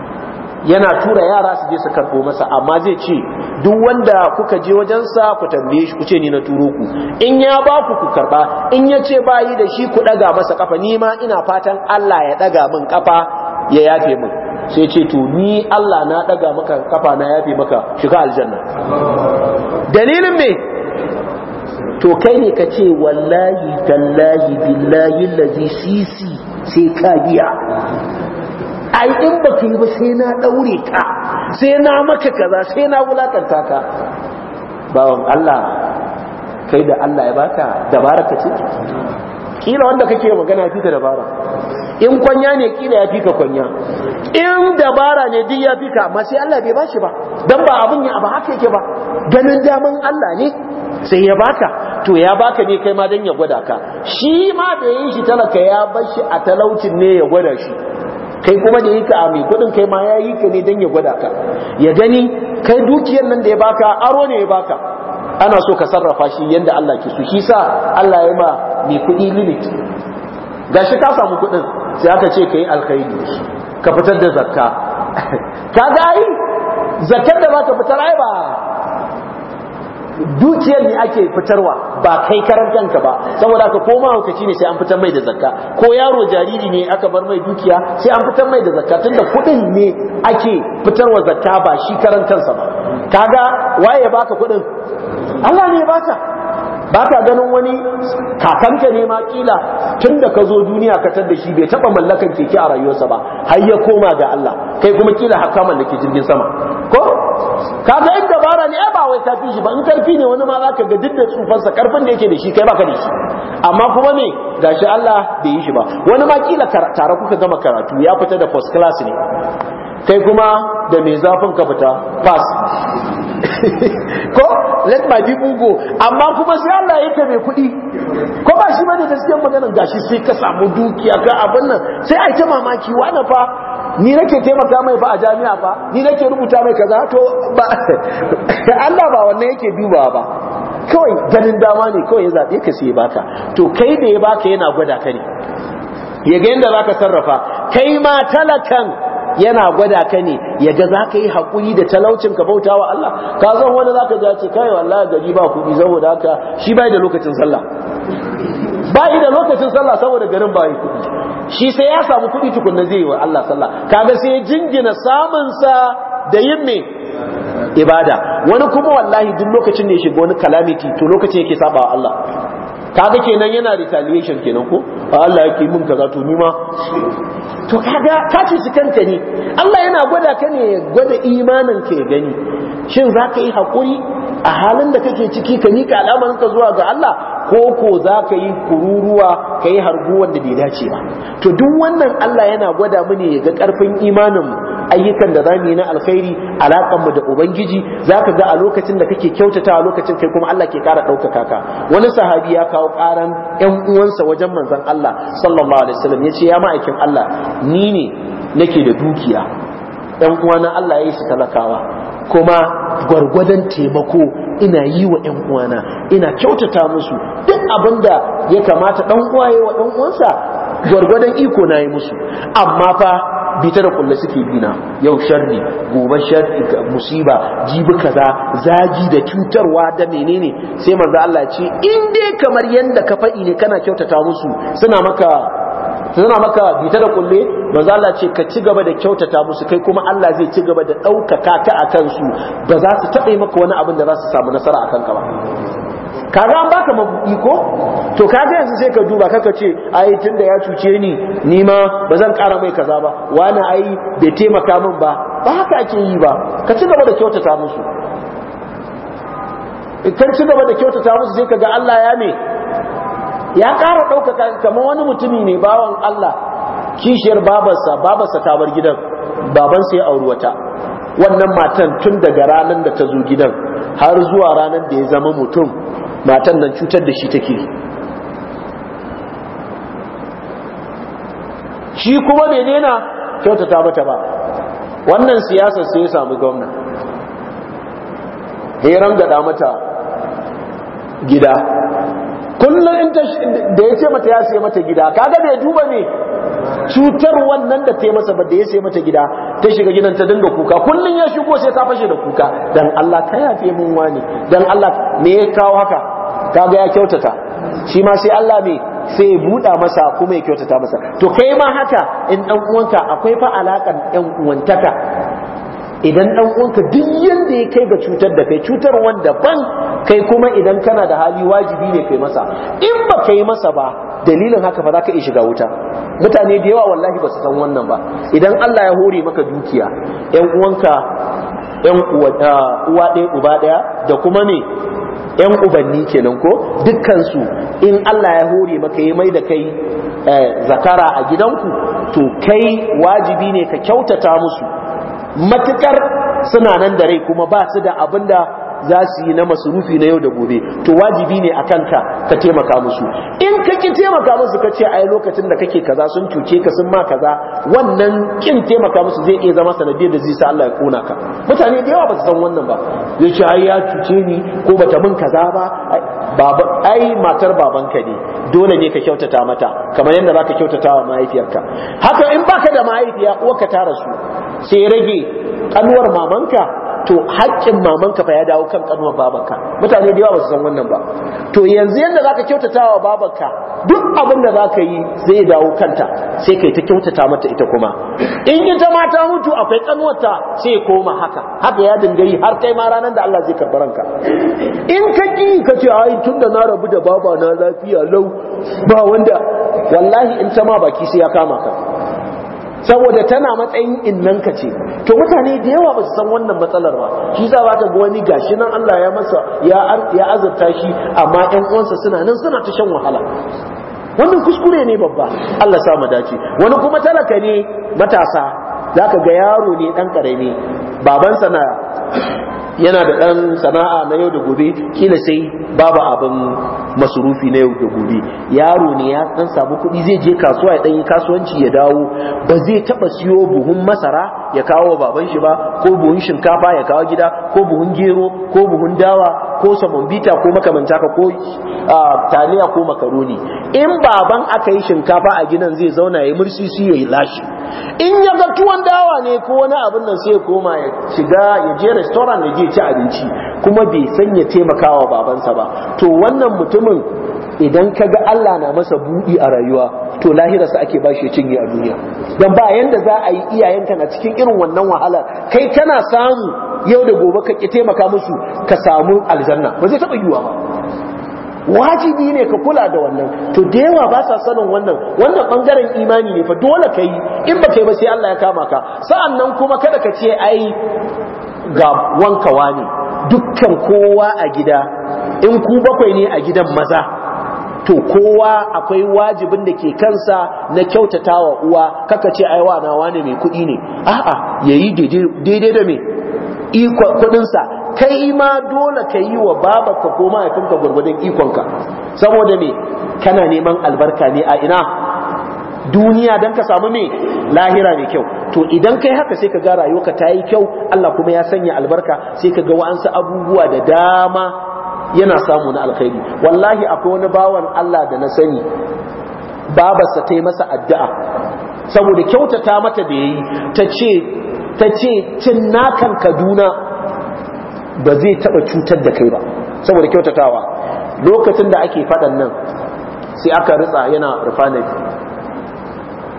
yana tura yara su je su karɓo masa amma zai ce duk wanda kuka je wajensa ku tambaye shi ku ce ni na turo ku in ya ba ku ku karɓa in ya ce ba yi da shi ku ɗaga masa kafa ni ma ina fatan Allah ya ɗaga min kafa ya yafe min sai ce to ni Allah na ɗaga maka kafa na yafe maka shiga aljanna dalilin me to kai ne ka ce wallahi tallahi billahi lazi sisi sai ka biya ai in ba yi ba sai na ɗaure ka sai na maka kaza sai na wulakanta ka bawan Allah kai da Allah ya baka dabara ka ce kila wanda kake magana fi ta dabara in kwanya ne kila ya fi ka kwanya in dabara ne duk ya fi ka amma sai Allah bai bashi ba dan ba abun ya ba haka yake ba ganin daman Allah ne sai ya baka to ya baka ne kai ma dan ya gwada ka shi ma da yin shi talaka ya bashi a talaucin ne ya gwada shi kai kuma da yi ka a mai kudin kai ma ya yi ka ne don ya gwada ka ya gani kai dukiyar nan da ya baka aro ne ya baka ana so ka sarrafa shi yadda Allah ke su shi sa Allah ya ma mai kudi limit gashi ka samu kudin sai aka ce ka yi alkhairi ka fitar da zakka ka ga zakkar da baka fitar ai ba dukiyar ne ake fitarwa ba kai karan kanka ba saboda ka koma hukaci ne sai an fitar mai da zakka ko yaro jariri ne aka bar mai dukiya sai an fitar mai da zakka tunda kuɗin ne ake fitarwa zakka ba shi karan kansa ba kaga waye baka kuɗin Allah ne baka baka ganin wani kakanka ne ma kila tunda ka zo duniya ka tar da shi bai taba mallakan keke a rayuwarsa ba har ya koma ga Allah kai kuma kila har ka mallaki jirgin sama ko ka ga inda bara ne ba wai ka fi shi ba in karfi ne wani ma za ka ga duk da tsufansa karfin da yake da shi kai baka da shi amma kuma me gashi Allah bai yi shi ba wani ma kila tare kuka gama karatu ya fita da first class ne kai kuma da me zafin ka fita pass ko let my people go amma kuma sai Allah ya yake kuɗi ko ba shi bane gaskiyar maganar gashi sai ka samu dukiya ga abin nan sai ai ta mamaki wani fa ni nake taimaka mai ba a jami'a ba ni nake rubuta mai kaza to ba Allah ba wannan yake dubawa ba kawai ganin dama ne kawai ya zaɓe ka sai baka to kai da ya baka yana gwada ka ne ya ga yadda zaka sarrafa kai ma talakan yana gwada ka ne ya ga zaka yi hakuri da talaucin ka bauta wa Allah ka zan wani zaka ji ce kai wallahi gari ba kuɗi saboda haka shi bai da lokacin sallah bai da lokacin sallah saboda garin bai kuɗi shi sai ya samu kuɗi tukunna zai yi wa Allah sallah kaga sai ya jingina sa da yin me ibada wani kuma wallahi duk lokacin da ya shiga wani calamity to lokacin yake sabawa wa Allah kaga kenan yana retaliation kenan ko Allah yake mun kaza to ni ma to kaga ka ci kanka ne Allah yana gwada ka ne gwada imanin ka ya gani shin zaka yi hakuri a halin da kake ciki ka mika al'amarin ka zuwa ga Allah ko ko za ka yi kururuwa ka yi harguwar da bai dace ba to duk wannan Allah yana gwada mu ne ga karfin imanin ayyukan da zamu yi na alkhairi alakan mu da ubangiji zaka ga a lokacin da kake kyautata a lokacin kai kuma Allah ke kara ɗaukaka ka wani sahabi ya kawo ƙaran ƴan uwansa wajen manzon Allah sallallahu alaihi wasallam yace ya ma'aikin Allah ni ne nake da dukiya ɗan uwana Allah ya yi su talakawa kuma gwargwadon taimako ina yi wa ‘yan uwana ina kyautata musu duk abinda ya kamata ɗan uwaye wa ɗan uwansa gwargwadon iko na yi musu amma fa bita da kulle suke bina yau sharri gobe sharri musiba jibi kaza zaji da cutarwa da menene sai manzo Allah ce in dai kamar yanda ka faɗi ne kana kyautata musu suna maka suna maka bita da kulle manzo Allah ce ka ci gaba da kyautata musu kai kuma Allah zai ci gaba da ɗaukaka ka a kansu ba za su taɓa maka wani abin da za su samu nasara a kanka ba kaga an baka mabuɗi ko to kaga yanzu sai ka duba kaka ce ai tunda ya cuce ni ni ma ba zan ƙara mai kaza ba wani ai bai taimaka min ba ba haka ake yi ba ka ci gaba da kyautata musu kan ci gaba da kyautata musu sai kaga Allah ya me ya kara ɗaukaka kamar wani mutumi ne bawan Allah kishiyar babarsa babarsa ta bar gidan babansa ya auri wata wannan matan tun daga ranar da ta zo gidan har zuwa ranar da ya zama mutum matan nan cutar da shi take shi kuma bai daina kyautata mata ba wannan siyasar sai ya samu gwamna heran gada mata gida kullum in da ya ce mata ya sai mata gida kaga bai duba ne cutar wannan da ta yi masa ba da ya sai mata gida ta shiga gidan ta dinga kuka kullum ya shigo sai ta fashe da kuka dan Allah ta yafe mun wani dan Allah me ya kawo haka kaga ya kyautata shi ma sai Allah me sai ya buɗa masa kuma ya kyautata masa to kai ma haka in dan uwanka akwai fa alakan yan uwantaka idan dan uwanka duk yanda ya kai ga cutar da kai cutar wanda ban kai kuma idan kana da hali wajibi ne kai masa in ba kai masa ba dalilin haka ba za ka iya shiga wuta mutane da yawa wallahi ba su san wannan ba idan Allah ya hore maka dukiya yan uwanka yan uwa ɗaya uba ɗaya da kuma ne yan ubanni kenan ko dukkansu in Allah ya hore maka ya mai da kai eh, zakara a gidanku to kai wajibi ne ka kyautata musu matukar suna nan da rai kuma ba su da abin da za su yi na masurufi na yau da gobe to wajibi ne a kanka ka taimaka musu in ka ki taimaka musu ka ce ai lokacin da kake kaza sun cuce ka sun ma kaza wannan ƙin taimaka musu zai iya zama sanadiyar da zai sa Allah ya kona ka mutane da yawa ba su san wannan ba zai ce ai ya cuce ni ko bata min kaza ba baba ai matar babanka ne dole ne ka kyautata mata kamar yadda zaka kyautata wa mahaifiyarka haka in baka da mahaifiya uwarka ta rasu sai rage kanuwar mamanka to haƙƙin mamanka fa ya dawo kan kanuwar babanka mutane da yawa ba su san wannan ba to yanzu yadda za ka kyautata wa babanka duk abin da za ka yi zai dawo kanta sai ka yi ta kyautata mata ita kuma in ita ta mata mutu akwai kanuwarta sai koma haka haka ya dingayi har kai ma ranar da Allah zai karɓi ranka in ka ƙi ka ce ai tunda na rabu da babana lafiya lau ba wanda wallahi in ta ma baki sai ya kama ka saboda tana matsayin ka ce to mutane da yawa ba su san wannan matsalar ba shi za ba ta ga wani gashi nan Allah ya masa ya azurta shi amma ƴan uwansa suna nan suna ta shan wahala wannan kuskure ne babba Allah sa mu dace wani kuma talaka ne matasa zaka ga yaro ne dan karami babansa na yana da ɗan sana'a na yau da gobe kila sai babu abin masurufi na yau da gobe yaro ne ya ɗan samu kuɗi zai je kasuwa ya ɗan yi kasuwanci ya dawo ba zai taɓa siyo buhun masara ya kawo wa baban shi ba ko buhun shinkafa ya kawo gida ko buhun gero ko buhun dawa ko samombita ko makamanta ka ko taliya ko makaroni in baban aka yi shinkafa a gidan zai zauna ya mursisi ya yi lashi in ya ga tuwon dawa ne ko wani abin nan sai koma ya shiga ya je restaurant ya je ci abinci kuma bai san ya taimakawa babansa ba to wannan mutumin idan ka ga Allah na masa buɗi a rayuwa to lahirarsa ake bashi cinye a duniya don ba yanda za a yi iyayenka na cikin irin wannan wahala kai kana samu yau da gobe ka ki taimaka musu ka samu aljanna ba zai taɓa yiwuwa ba wajibi ne ka kula da wannan to da yawa ba sa sanin wannan wannan bangaren imani ne fa dole ka yi in ba kai ba sai Allah ya kama ka sa'annan kuma kada ka ce ai ga wankawa ne dukkan kowa a gida in ku bakwai ne a gidan maza to kowa akwai wajibin da ke kansa na kyautata wa uwa kaka ce ai wa nawa ne mai kuɗi ne a'a yayi daidai da me ikon kuɗinsa kai ma dole ka yi wa babarka ko mahaifinka gwargwadon ikonka saboda me kana neman albarka ne a ina duniya don ka samu me lahira mai kyau to idan kai haka sai ka ga rayuwarka ta yi kyau Allah kuma ya sanya albarka sai ka ga wa'ansu abubuwa da dama yana samu na alkhairi wallahi akwai wani bawan Allah da na sani babarsa ta yi masa addu'a saboda kyautata mata da yayi ta ce cinnakan Kaduna ba zai taba cutar da kai ba saboda kyautatawa lokacin da ake fadan nan sai aka ritsa yana refinery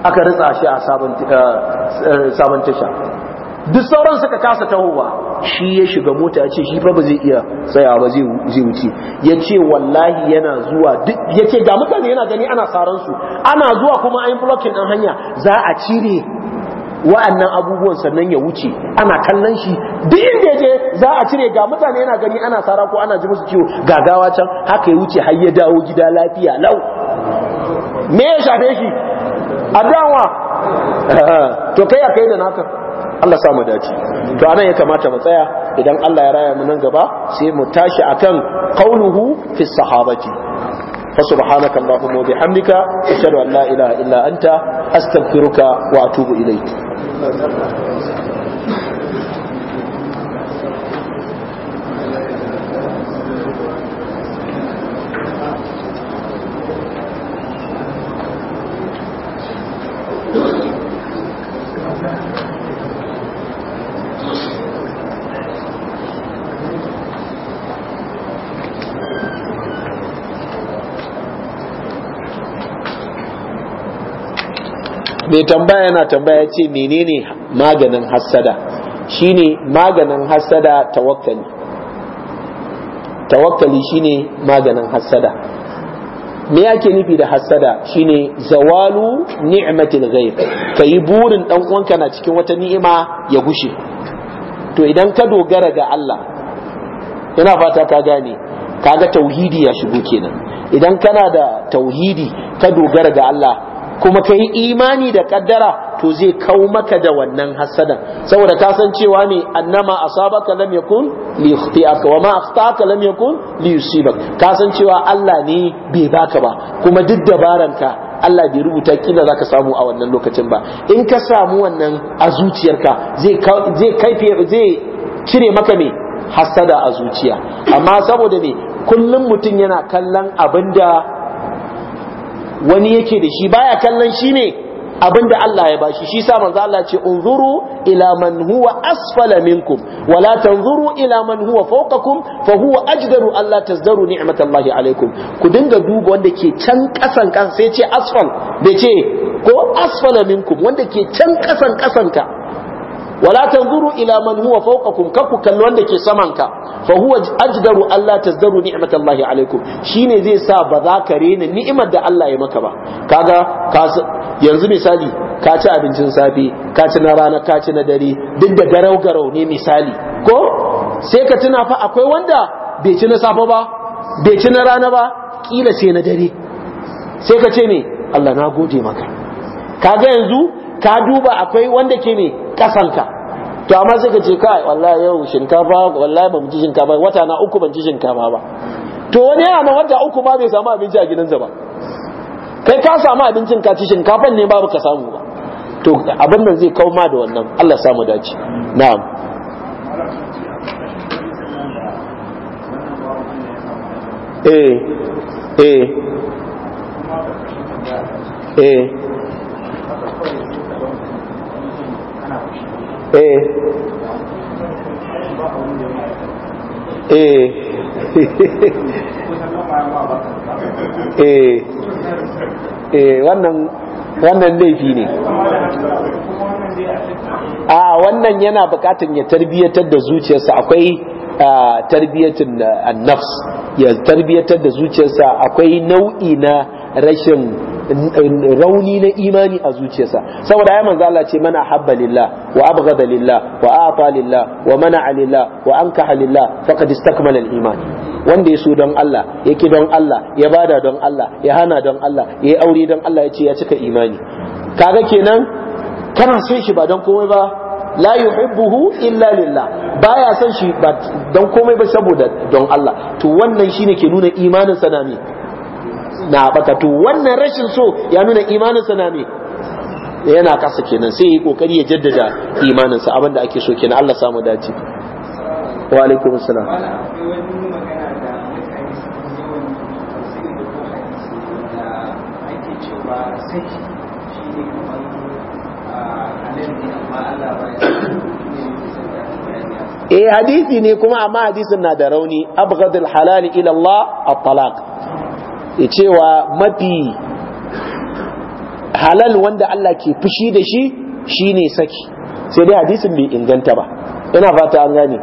aka ritsa shi a sabon eh, tasha duk sauran suka kasa tahowa shi ya shiga mota ya ce shi fa ba zai iya tsayawa ba zai wuce ya ce wallahi yana zuwa duk ya ce ga mutane yana gani ana saran ana zuwa kuma an yi blocking ɗin hanya za a cire wa'annan abubuwan sannan ya wuce ana kallon shi duk inda ya je za a cire ga mutane yana gani ana sara ko ana ji musu ciwo gagawa can haka ya wuce har ya dawo gida lafiya lau me ya shafe shi a dawa to kai a kai da naka Allah sa mu dace to anan ya kamata mu tsaya idan Allah ya raya mu nan gaba sai mu tashi akan qauluhu fi sahabati fa subhanaka allahumma wa bihamdika ashhadu an la ilaha illa anta astaghfiruka wa atubu ilayk mai tambaya yana tambaya ce menene maganin hassada shine maganin hassada tawakkali tawakkali shine maganin hassada me yake nufi da hassada shine zawalu ni'matil ghaib kai burin dan uwanka na cikin wata ni'ima ya gushe to idan ka dogara ga Allah ina fata ka gane kaga tauhidi ya shigo kenan idan kana da tauhidi ka dogara ga Allah kuma ka yi imani da kaddara to zai kawo maka da wannan hasadan saboda ka san cewa ne annama asabaka lam yakun li ikhtiyaka wa ma akhtaka lam yakun li yusibak ka san cewa Allah ne bai baka ba kuma duk ka Allah bai rubuta kila zaka samu a wannan lokacin ba in ka samu wannan a zuciyarka zai zai kaife zai cire maka me hasada a zuciya amma saboda ne kullum mutum yana kallon abinda wani yake da shi baya kallon shi ne abinda Allah ya bashi shi sa manzo Allah ce unzuru ila man huwa asfala minkum wala tanzuru ila man huwa fawqakum fa huwa ajdaru alla tazdaru ni'matallahi alaikum ku dinga duba wanda ke can kasan kan sai ce asfal bai ce ko asfala minkum wanda ke can kasan kasan ka wala tanzuru ila man huwa fawqakum kakku kalli wanda ke saman ka fa huwa ajdaru Allah tazdaru allah alaikum shine zai sa ba za ka rena ni'imar da Allah ya maka ba kaga yanzu misali ka ci abincin safe ka ci na rana ka ci na dare duk da garau garau ne misali ko sai ka tuna fa akwai wanda bai ci na safe ba bai ci na rana ba kila sai na dare sai ka ce ne Allah na gode maka kaga yanzu ka duba akwai wanda ke ne kasanka to amma sai ka ce kai wallahi yau shinkafa wallahi ban ci shinkafa wata na uku ban ci shinkafa ba to wani yana na wata uku ba bai samu abinci a gidansa ba kai ka samu abincin ka ci shinkafan ne babu ka samu ba to abin nan zai kauma da wannan Allah samu dace na'am eh eh eh eh eh eh eh wannan wannan laifi ne a wannan yana bukatun ya tarbiyyatar da zuciyarsa akwai tarbiyyatun nafs ya tarbiyyatar da zuciyarsa akwai nau'i na rashin rauni na imani a zuciyarsa saboda ya manzo Allah ce mana habba lillah wa abghada lillah wa afa lillah wa mana lillah wa anka lillah faqad istakmala al-iman wanda ya so don Allah ya ki don Allah ya bada don Allah ya hana don Allah ya aure don Allah ya ce ya cika imani kaga kenan kana son shi ba don komai ba la yuhibbuhu illa lillah baya son shi ba don komai ba saboda don Allah to wannan shine ke nuna imanin sa na baka wannan rashin so ya nuna imaninsa na ne? yana kasa kenan sai ya yi kokari ya jaddada imaninsa abinda ake so kenan Allah samu dace wa alaikum assalam eh hadisi ne kuma amma hadisin na da rauni abghadul halal ila Allah at-talaq ya cewa mafi halal wanda Allah ke fushi da shi shi ne saki sai dai hadisin bai inganta ba ina fata an gane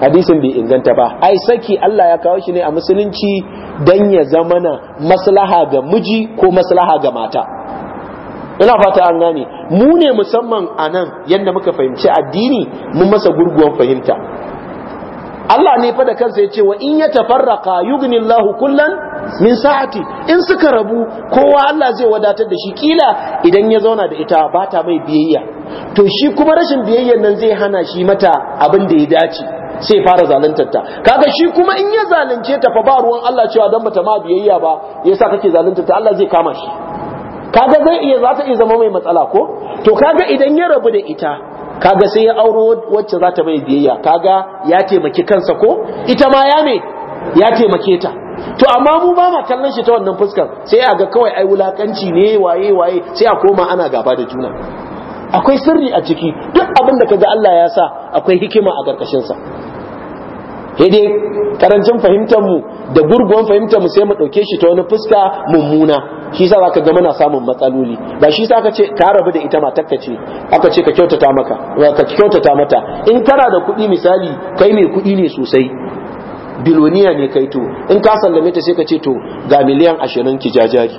hadisin bai inganta ba ai saki Allah ya kawo shi ne a musulunci dan ya zamana maslaha ga miji ko maslaha ga mata ina fata an gane mu ne musamman a nan yadda muka fahimci addini mun masa gurguwan fahimta Allah ne fa da kansa ya ce wa in ya tafarraqa Allahu kullan min sa'ati in suka rabu kowa Allah zai wadatar da shi kila idan ya zauna da ita ba ta mai biyayya to shi kuma rashin biyayyan nan zai hana shi mata abin da ya dace sai fara zaluntar ta kaga shi kuma in ya zalunce ta fa ba ruwan Allah cewa dan bata ma biyayya ba yasa kake zaluntar ta Allah zai kama shi kaga zai iya za ta iya zama mai matsala ko to kaga idan ya rabu da ita kaga sai ya auro wacce za ta mai biyayya kaga ya taimaki kansa ko ita ma ya me ya taimake ta to amma mu ba ma kallon shi ta wannan fuskar sai a ga kawai ai wulakanci ne waye waye sai a koma ana gaba da juna akwai sirri a ciki duk abin da kaga Allah ya sa akwai hikima a karkashin sa sai dai karancin fahimtar mu da gurguwan fahimtar mu sai mu dauke shi ta wani fuska mummuna shi yasa zaka ga muna samun matsaloli ba shi yasa aka ce ka rabu da ita matar ka ce aka ce ka kyautata maka ka kyautata mata in kana da kuɗi misali kai mai kuɗi ne sosai biloniya ne kai to in ka sallame ta sai ka ce to ga miliyan ashirin ki jajari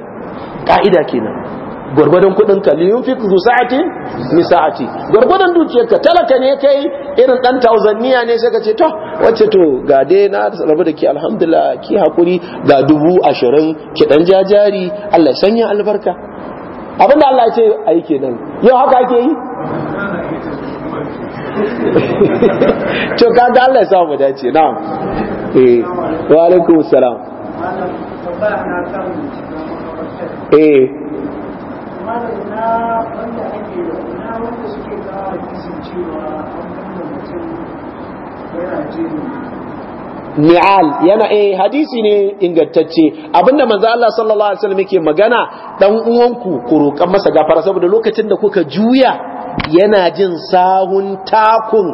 ka'ida kenan gwargwadon kudin ka li yunfiq zu sa'atin min sa'ati gwargwadon dukiyar ka talaka ne kai irin dan tausaniya ne sai ka ce to wacce to ga dai na rabu da ki alhamdulillah ki hakuri ga dubu ashirin ki dan jajari Allah sanya albarka abinda Allah ya ce ayi kenan yau haka ake yi to ka da Allah ya sa mu dace na'am eh wa alaikum salam eh na wanda ake na wanda suke kawo kasancewa wanda mutum yana jin ni'al yana eh hadisi ne ingantacce abinda manzo Allah sallallahu alaihi wasallam yake magana dan uwanku ku roƙan masa gafara saboda lokacin da kuka juya yana jin sahun takun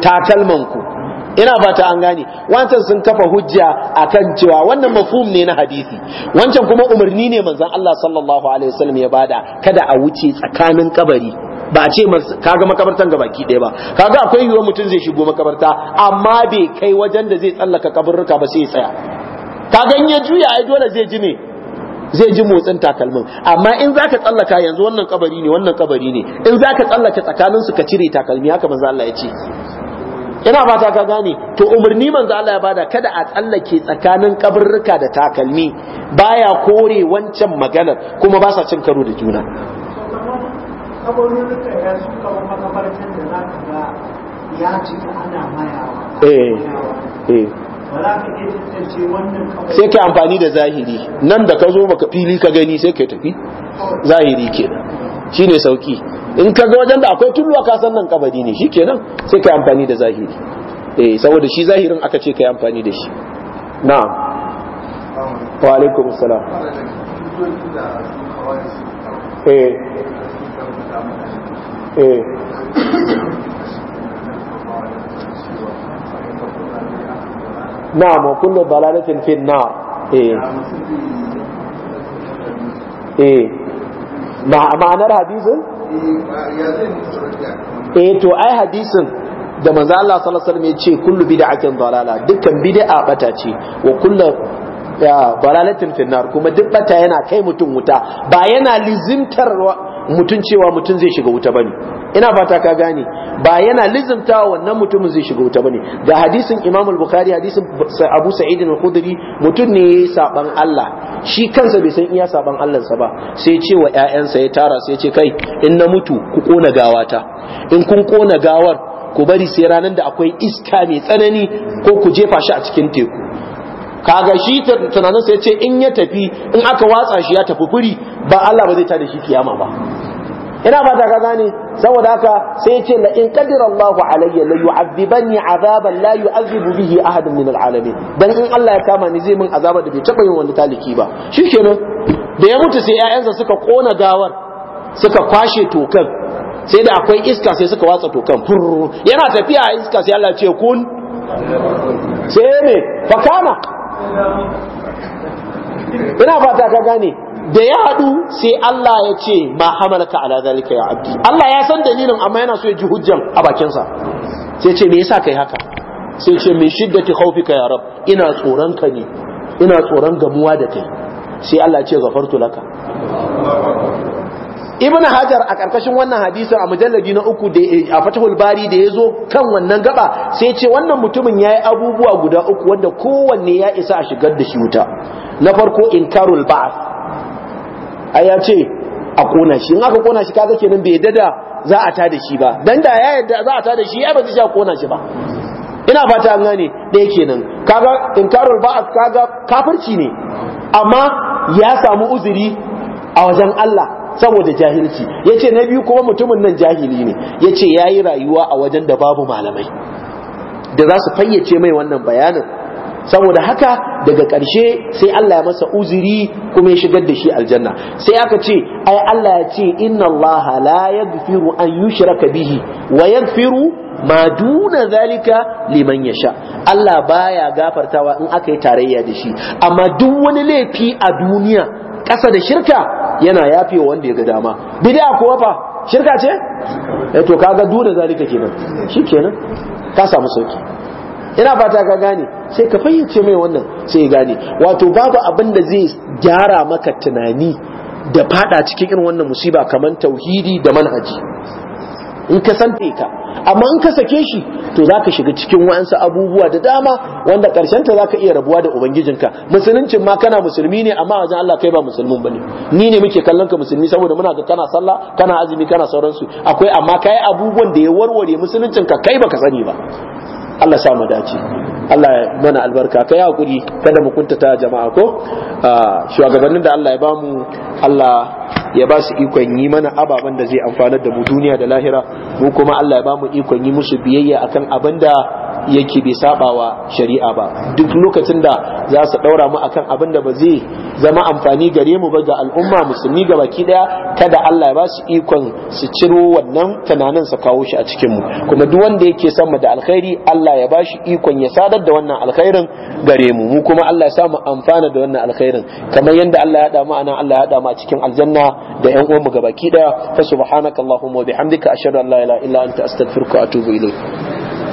takalmanku ina fata an gane wancan sun kafa hujja akan cewa wannan mafhum ne na hadisi wancan kuma umarni ne manzon Allah sallallahu alaihi wasallam ya bada kada a wuce tsakanin kabari ba a ce kaga makabartan ga baki ɗaya ba kaga akwai yiwuwar mutum zai shigo makabarta amma bai kai wajen da zai tsallaka kaburruka ba sai ya tsaya kaga in ya juya ai dole zai ji ne zai ji motsin takalmin amma in zaka tsallaka yanzu wannan kabari ne wannan kabari ne in zaka tsallaka tsakanin su ka cire takalmi haka manzo Allah ya ce ina fata ka gane to umarni manzo Allah ya bada kada a tsallake tsakanin kaburruka da takalmi baya kore wancan maganar kuma ba sa cin karo da juna eh, eh. sai ka amfani da zahiri nan da ka zo maka fili ka gani sai ka tafi zahiri kenan shine sauki in ka ga wajen da akwai tulluwa ka san nan kabari ne shikenan sai kai amfani da zahiri eh saboda shi zahirin aka ce kai amfani da shi na'am wa alaikum salam eh eh na'am kullu dalalatin fi na'am eh eh ma'anar hadisin eh to ai hadisin da manzo Allah sallallahu alaihi wasallam ya ce kullu bid'atin dalala dukkan bid'a bata ce wa kullu dalalatin finnar kuma duk bata yana kai mutum wuta ba yana lizimtar mutum cewa mutum zai shiga wuta bane ina fata ka gane ba yana lizimta wannan mutumin zai shiga wuta bane ga hadisin Imam al-Bukhari hadisin Abu Sa'id al-Khudri mutum ne yayi saban Allah shi kansa bai san iya saban Allah sa ba sai ce wa ƴaƴansa ya tara sai ce kai in na mutu ku kona gawata in kun kona gawar ku bari sai ranar da akwai iska mai tsanani ko ku jefa shi a cikin teku kaga shi tunanin sai ce in ya tafi in aka watsa shi ya tafi furi ba Allah ba zai ta shi kiyama ba ina ba ta ka gane saboda haka sai yace la in qadira Allahu alayya la yu'adhibani azaban la yu'adhibu bihi ahadun min alalamin dan in Allah ya kama ni zai min azaba da bai taba yin wani taliki ba shikenan da ya mutu sai ƴaƴansa suka kona gawar suka kwashe tokan sai da akwai iska sai suka watsa tokan furu. yana tafiya a iska sai Allah ce kun sai me fakana ina ba ta ka gane da ya haɗu sai Allah ya ce ma hamalaka ala zalika ya abdi Allah ya san dalilin amma yana so ya ji hujjan a bakinsa sai ce me yasa kai haka sai ce min shiddati khawfika ya rab ina tsoron ka ne ina tsoron gamuwa da kai sai Allah ya ce ghafartu laka ibn hajar a karkashin wannan hadisin a mujalladi na uku da a fatahul bari da yazo kan wannan gaba sai ce wannan mutumin yayi abubuwa guda uku wanda kowanne ya isa a shigar da shi wuta na farko inkarul ba'th a ya ce a kona shi in aka kona shi kaga kenan bai dada da za a tada shi ba dan da ya yadda za a tada shi ya ba zai a kona shi ba ina fata an gane ɗaya kenan kaga inkarul ba kaga kafirci ne amma ya samu uzuri a wajen Allah saboda jahilci yace na biyu kuma mutumin nan jahili ne yace yayi rayuwa a wajen da babu malamai da za su fayyace mai wannan bayanin saboda haka daga ƙarshe sai Allah ya masa uzuri kuma ya shigar da shi aljanna sai aka ce ai Allah ya ce inna Allah la yaghfiru an yushraka bihi wa yaghfiru ma duna zalika liman yasha Allah baya gafartawa in aka yi tarayya da shi amma duk wani laifi a duniya ƙasa da shirka yana yafe wanda ya ga dama bid'a ko fa shirka ce eh to kaga duna zalika kenan shikenan ka samu sauki ina fata ka gane sai ka fayyace mai wannan sai ya gane wato babu abin da zai gyara maka tunani da fada cikin irin wannan musiba kamar tauhidi da manhaji in ka san ka amma in ka sake shi to za ka shiga cikin wa'ansu abubuwa da dama wanda karshen ta za ka iya rabuwa da ubangijinka musuluncin ma kana musulmi ne amma wajen Allah kai ba musulmin ne ni ne muke kallon ka musulmi saboda muna ga kana sallah kana azumi kana sauransu akwai amma kai abubuwan da ya warware musuluncin ka kai baka sani ba Allah sa mu dace Allah ya mana albarka kai hakuri kada mu kuntata jama'a ko shugabannin da Allah ya bamu Allah ya ba su ikon yi mana ababen da zai amfanar da mu duniya da lahira mu kuma Allah ya bamu ikon yi musu biyayya akan abin da yake bai sabawa shari'a ba duk lokacin da za su daura mu akan abin da ba zai zama amfani gare mu ba ga al'umma musulmi ga baki daya kada Allah ya ba su ikon su ciro wannan tunanin su kawo shi a cikin mu kuma duk wanda yake son mu da alkhairi Allah ya ba shi ikon ya sada sadar da wannan alkhairin gare mu mu kuma Allah ya sa mu amfana da wannan alkhairin kamar yadda Allah ya hada mu anan Allah ya hada a cikin aljanna da ƴan uwan mu gabaki daya fa subhanakallahumma wa bihamdika ashhadu an la ilaha illa anta astaghfiruka wa atubu ilayk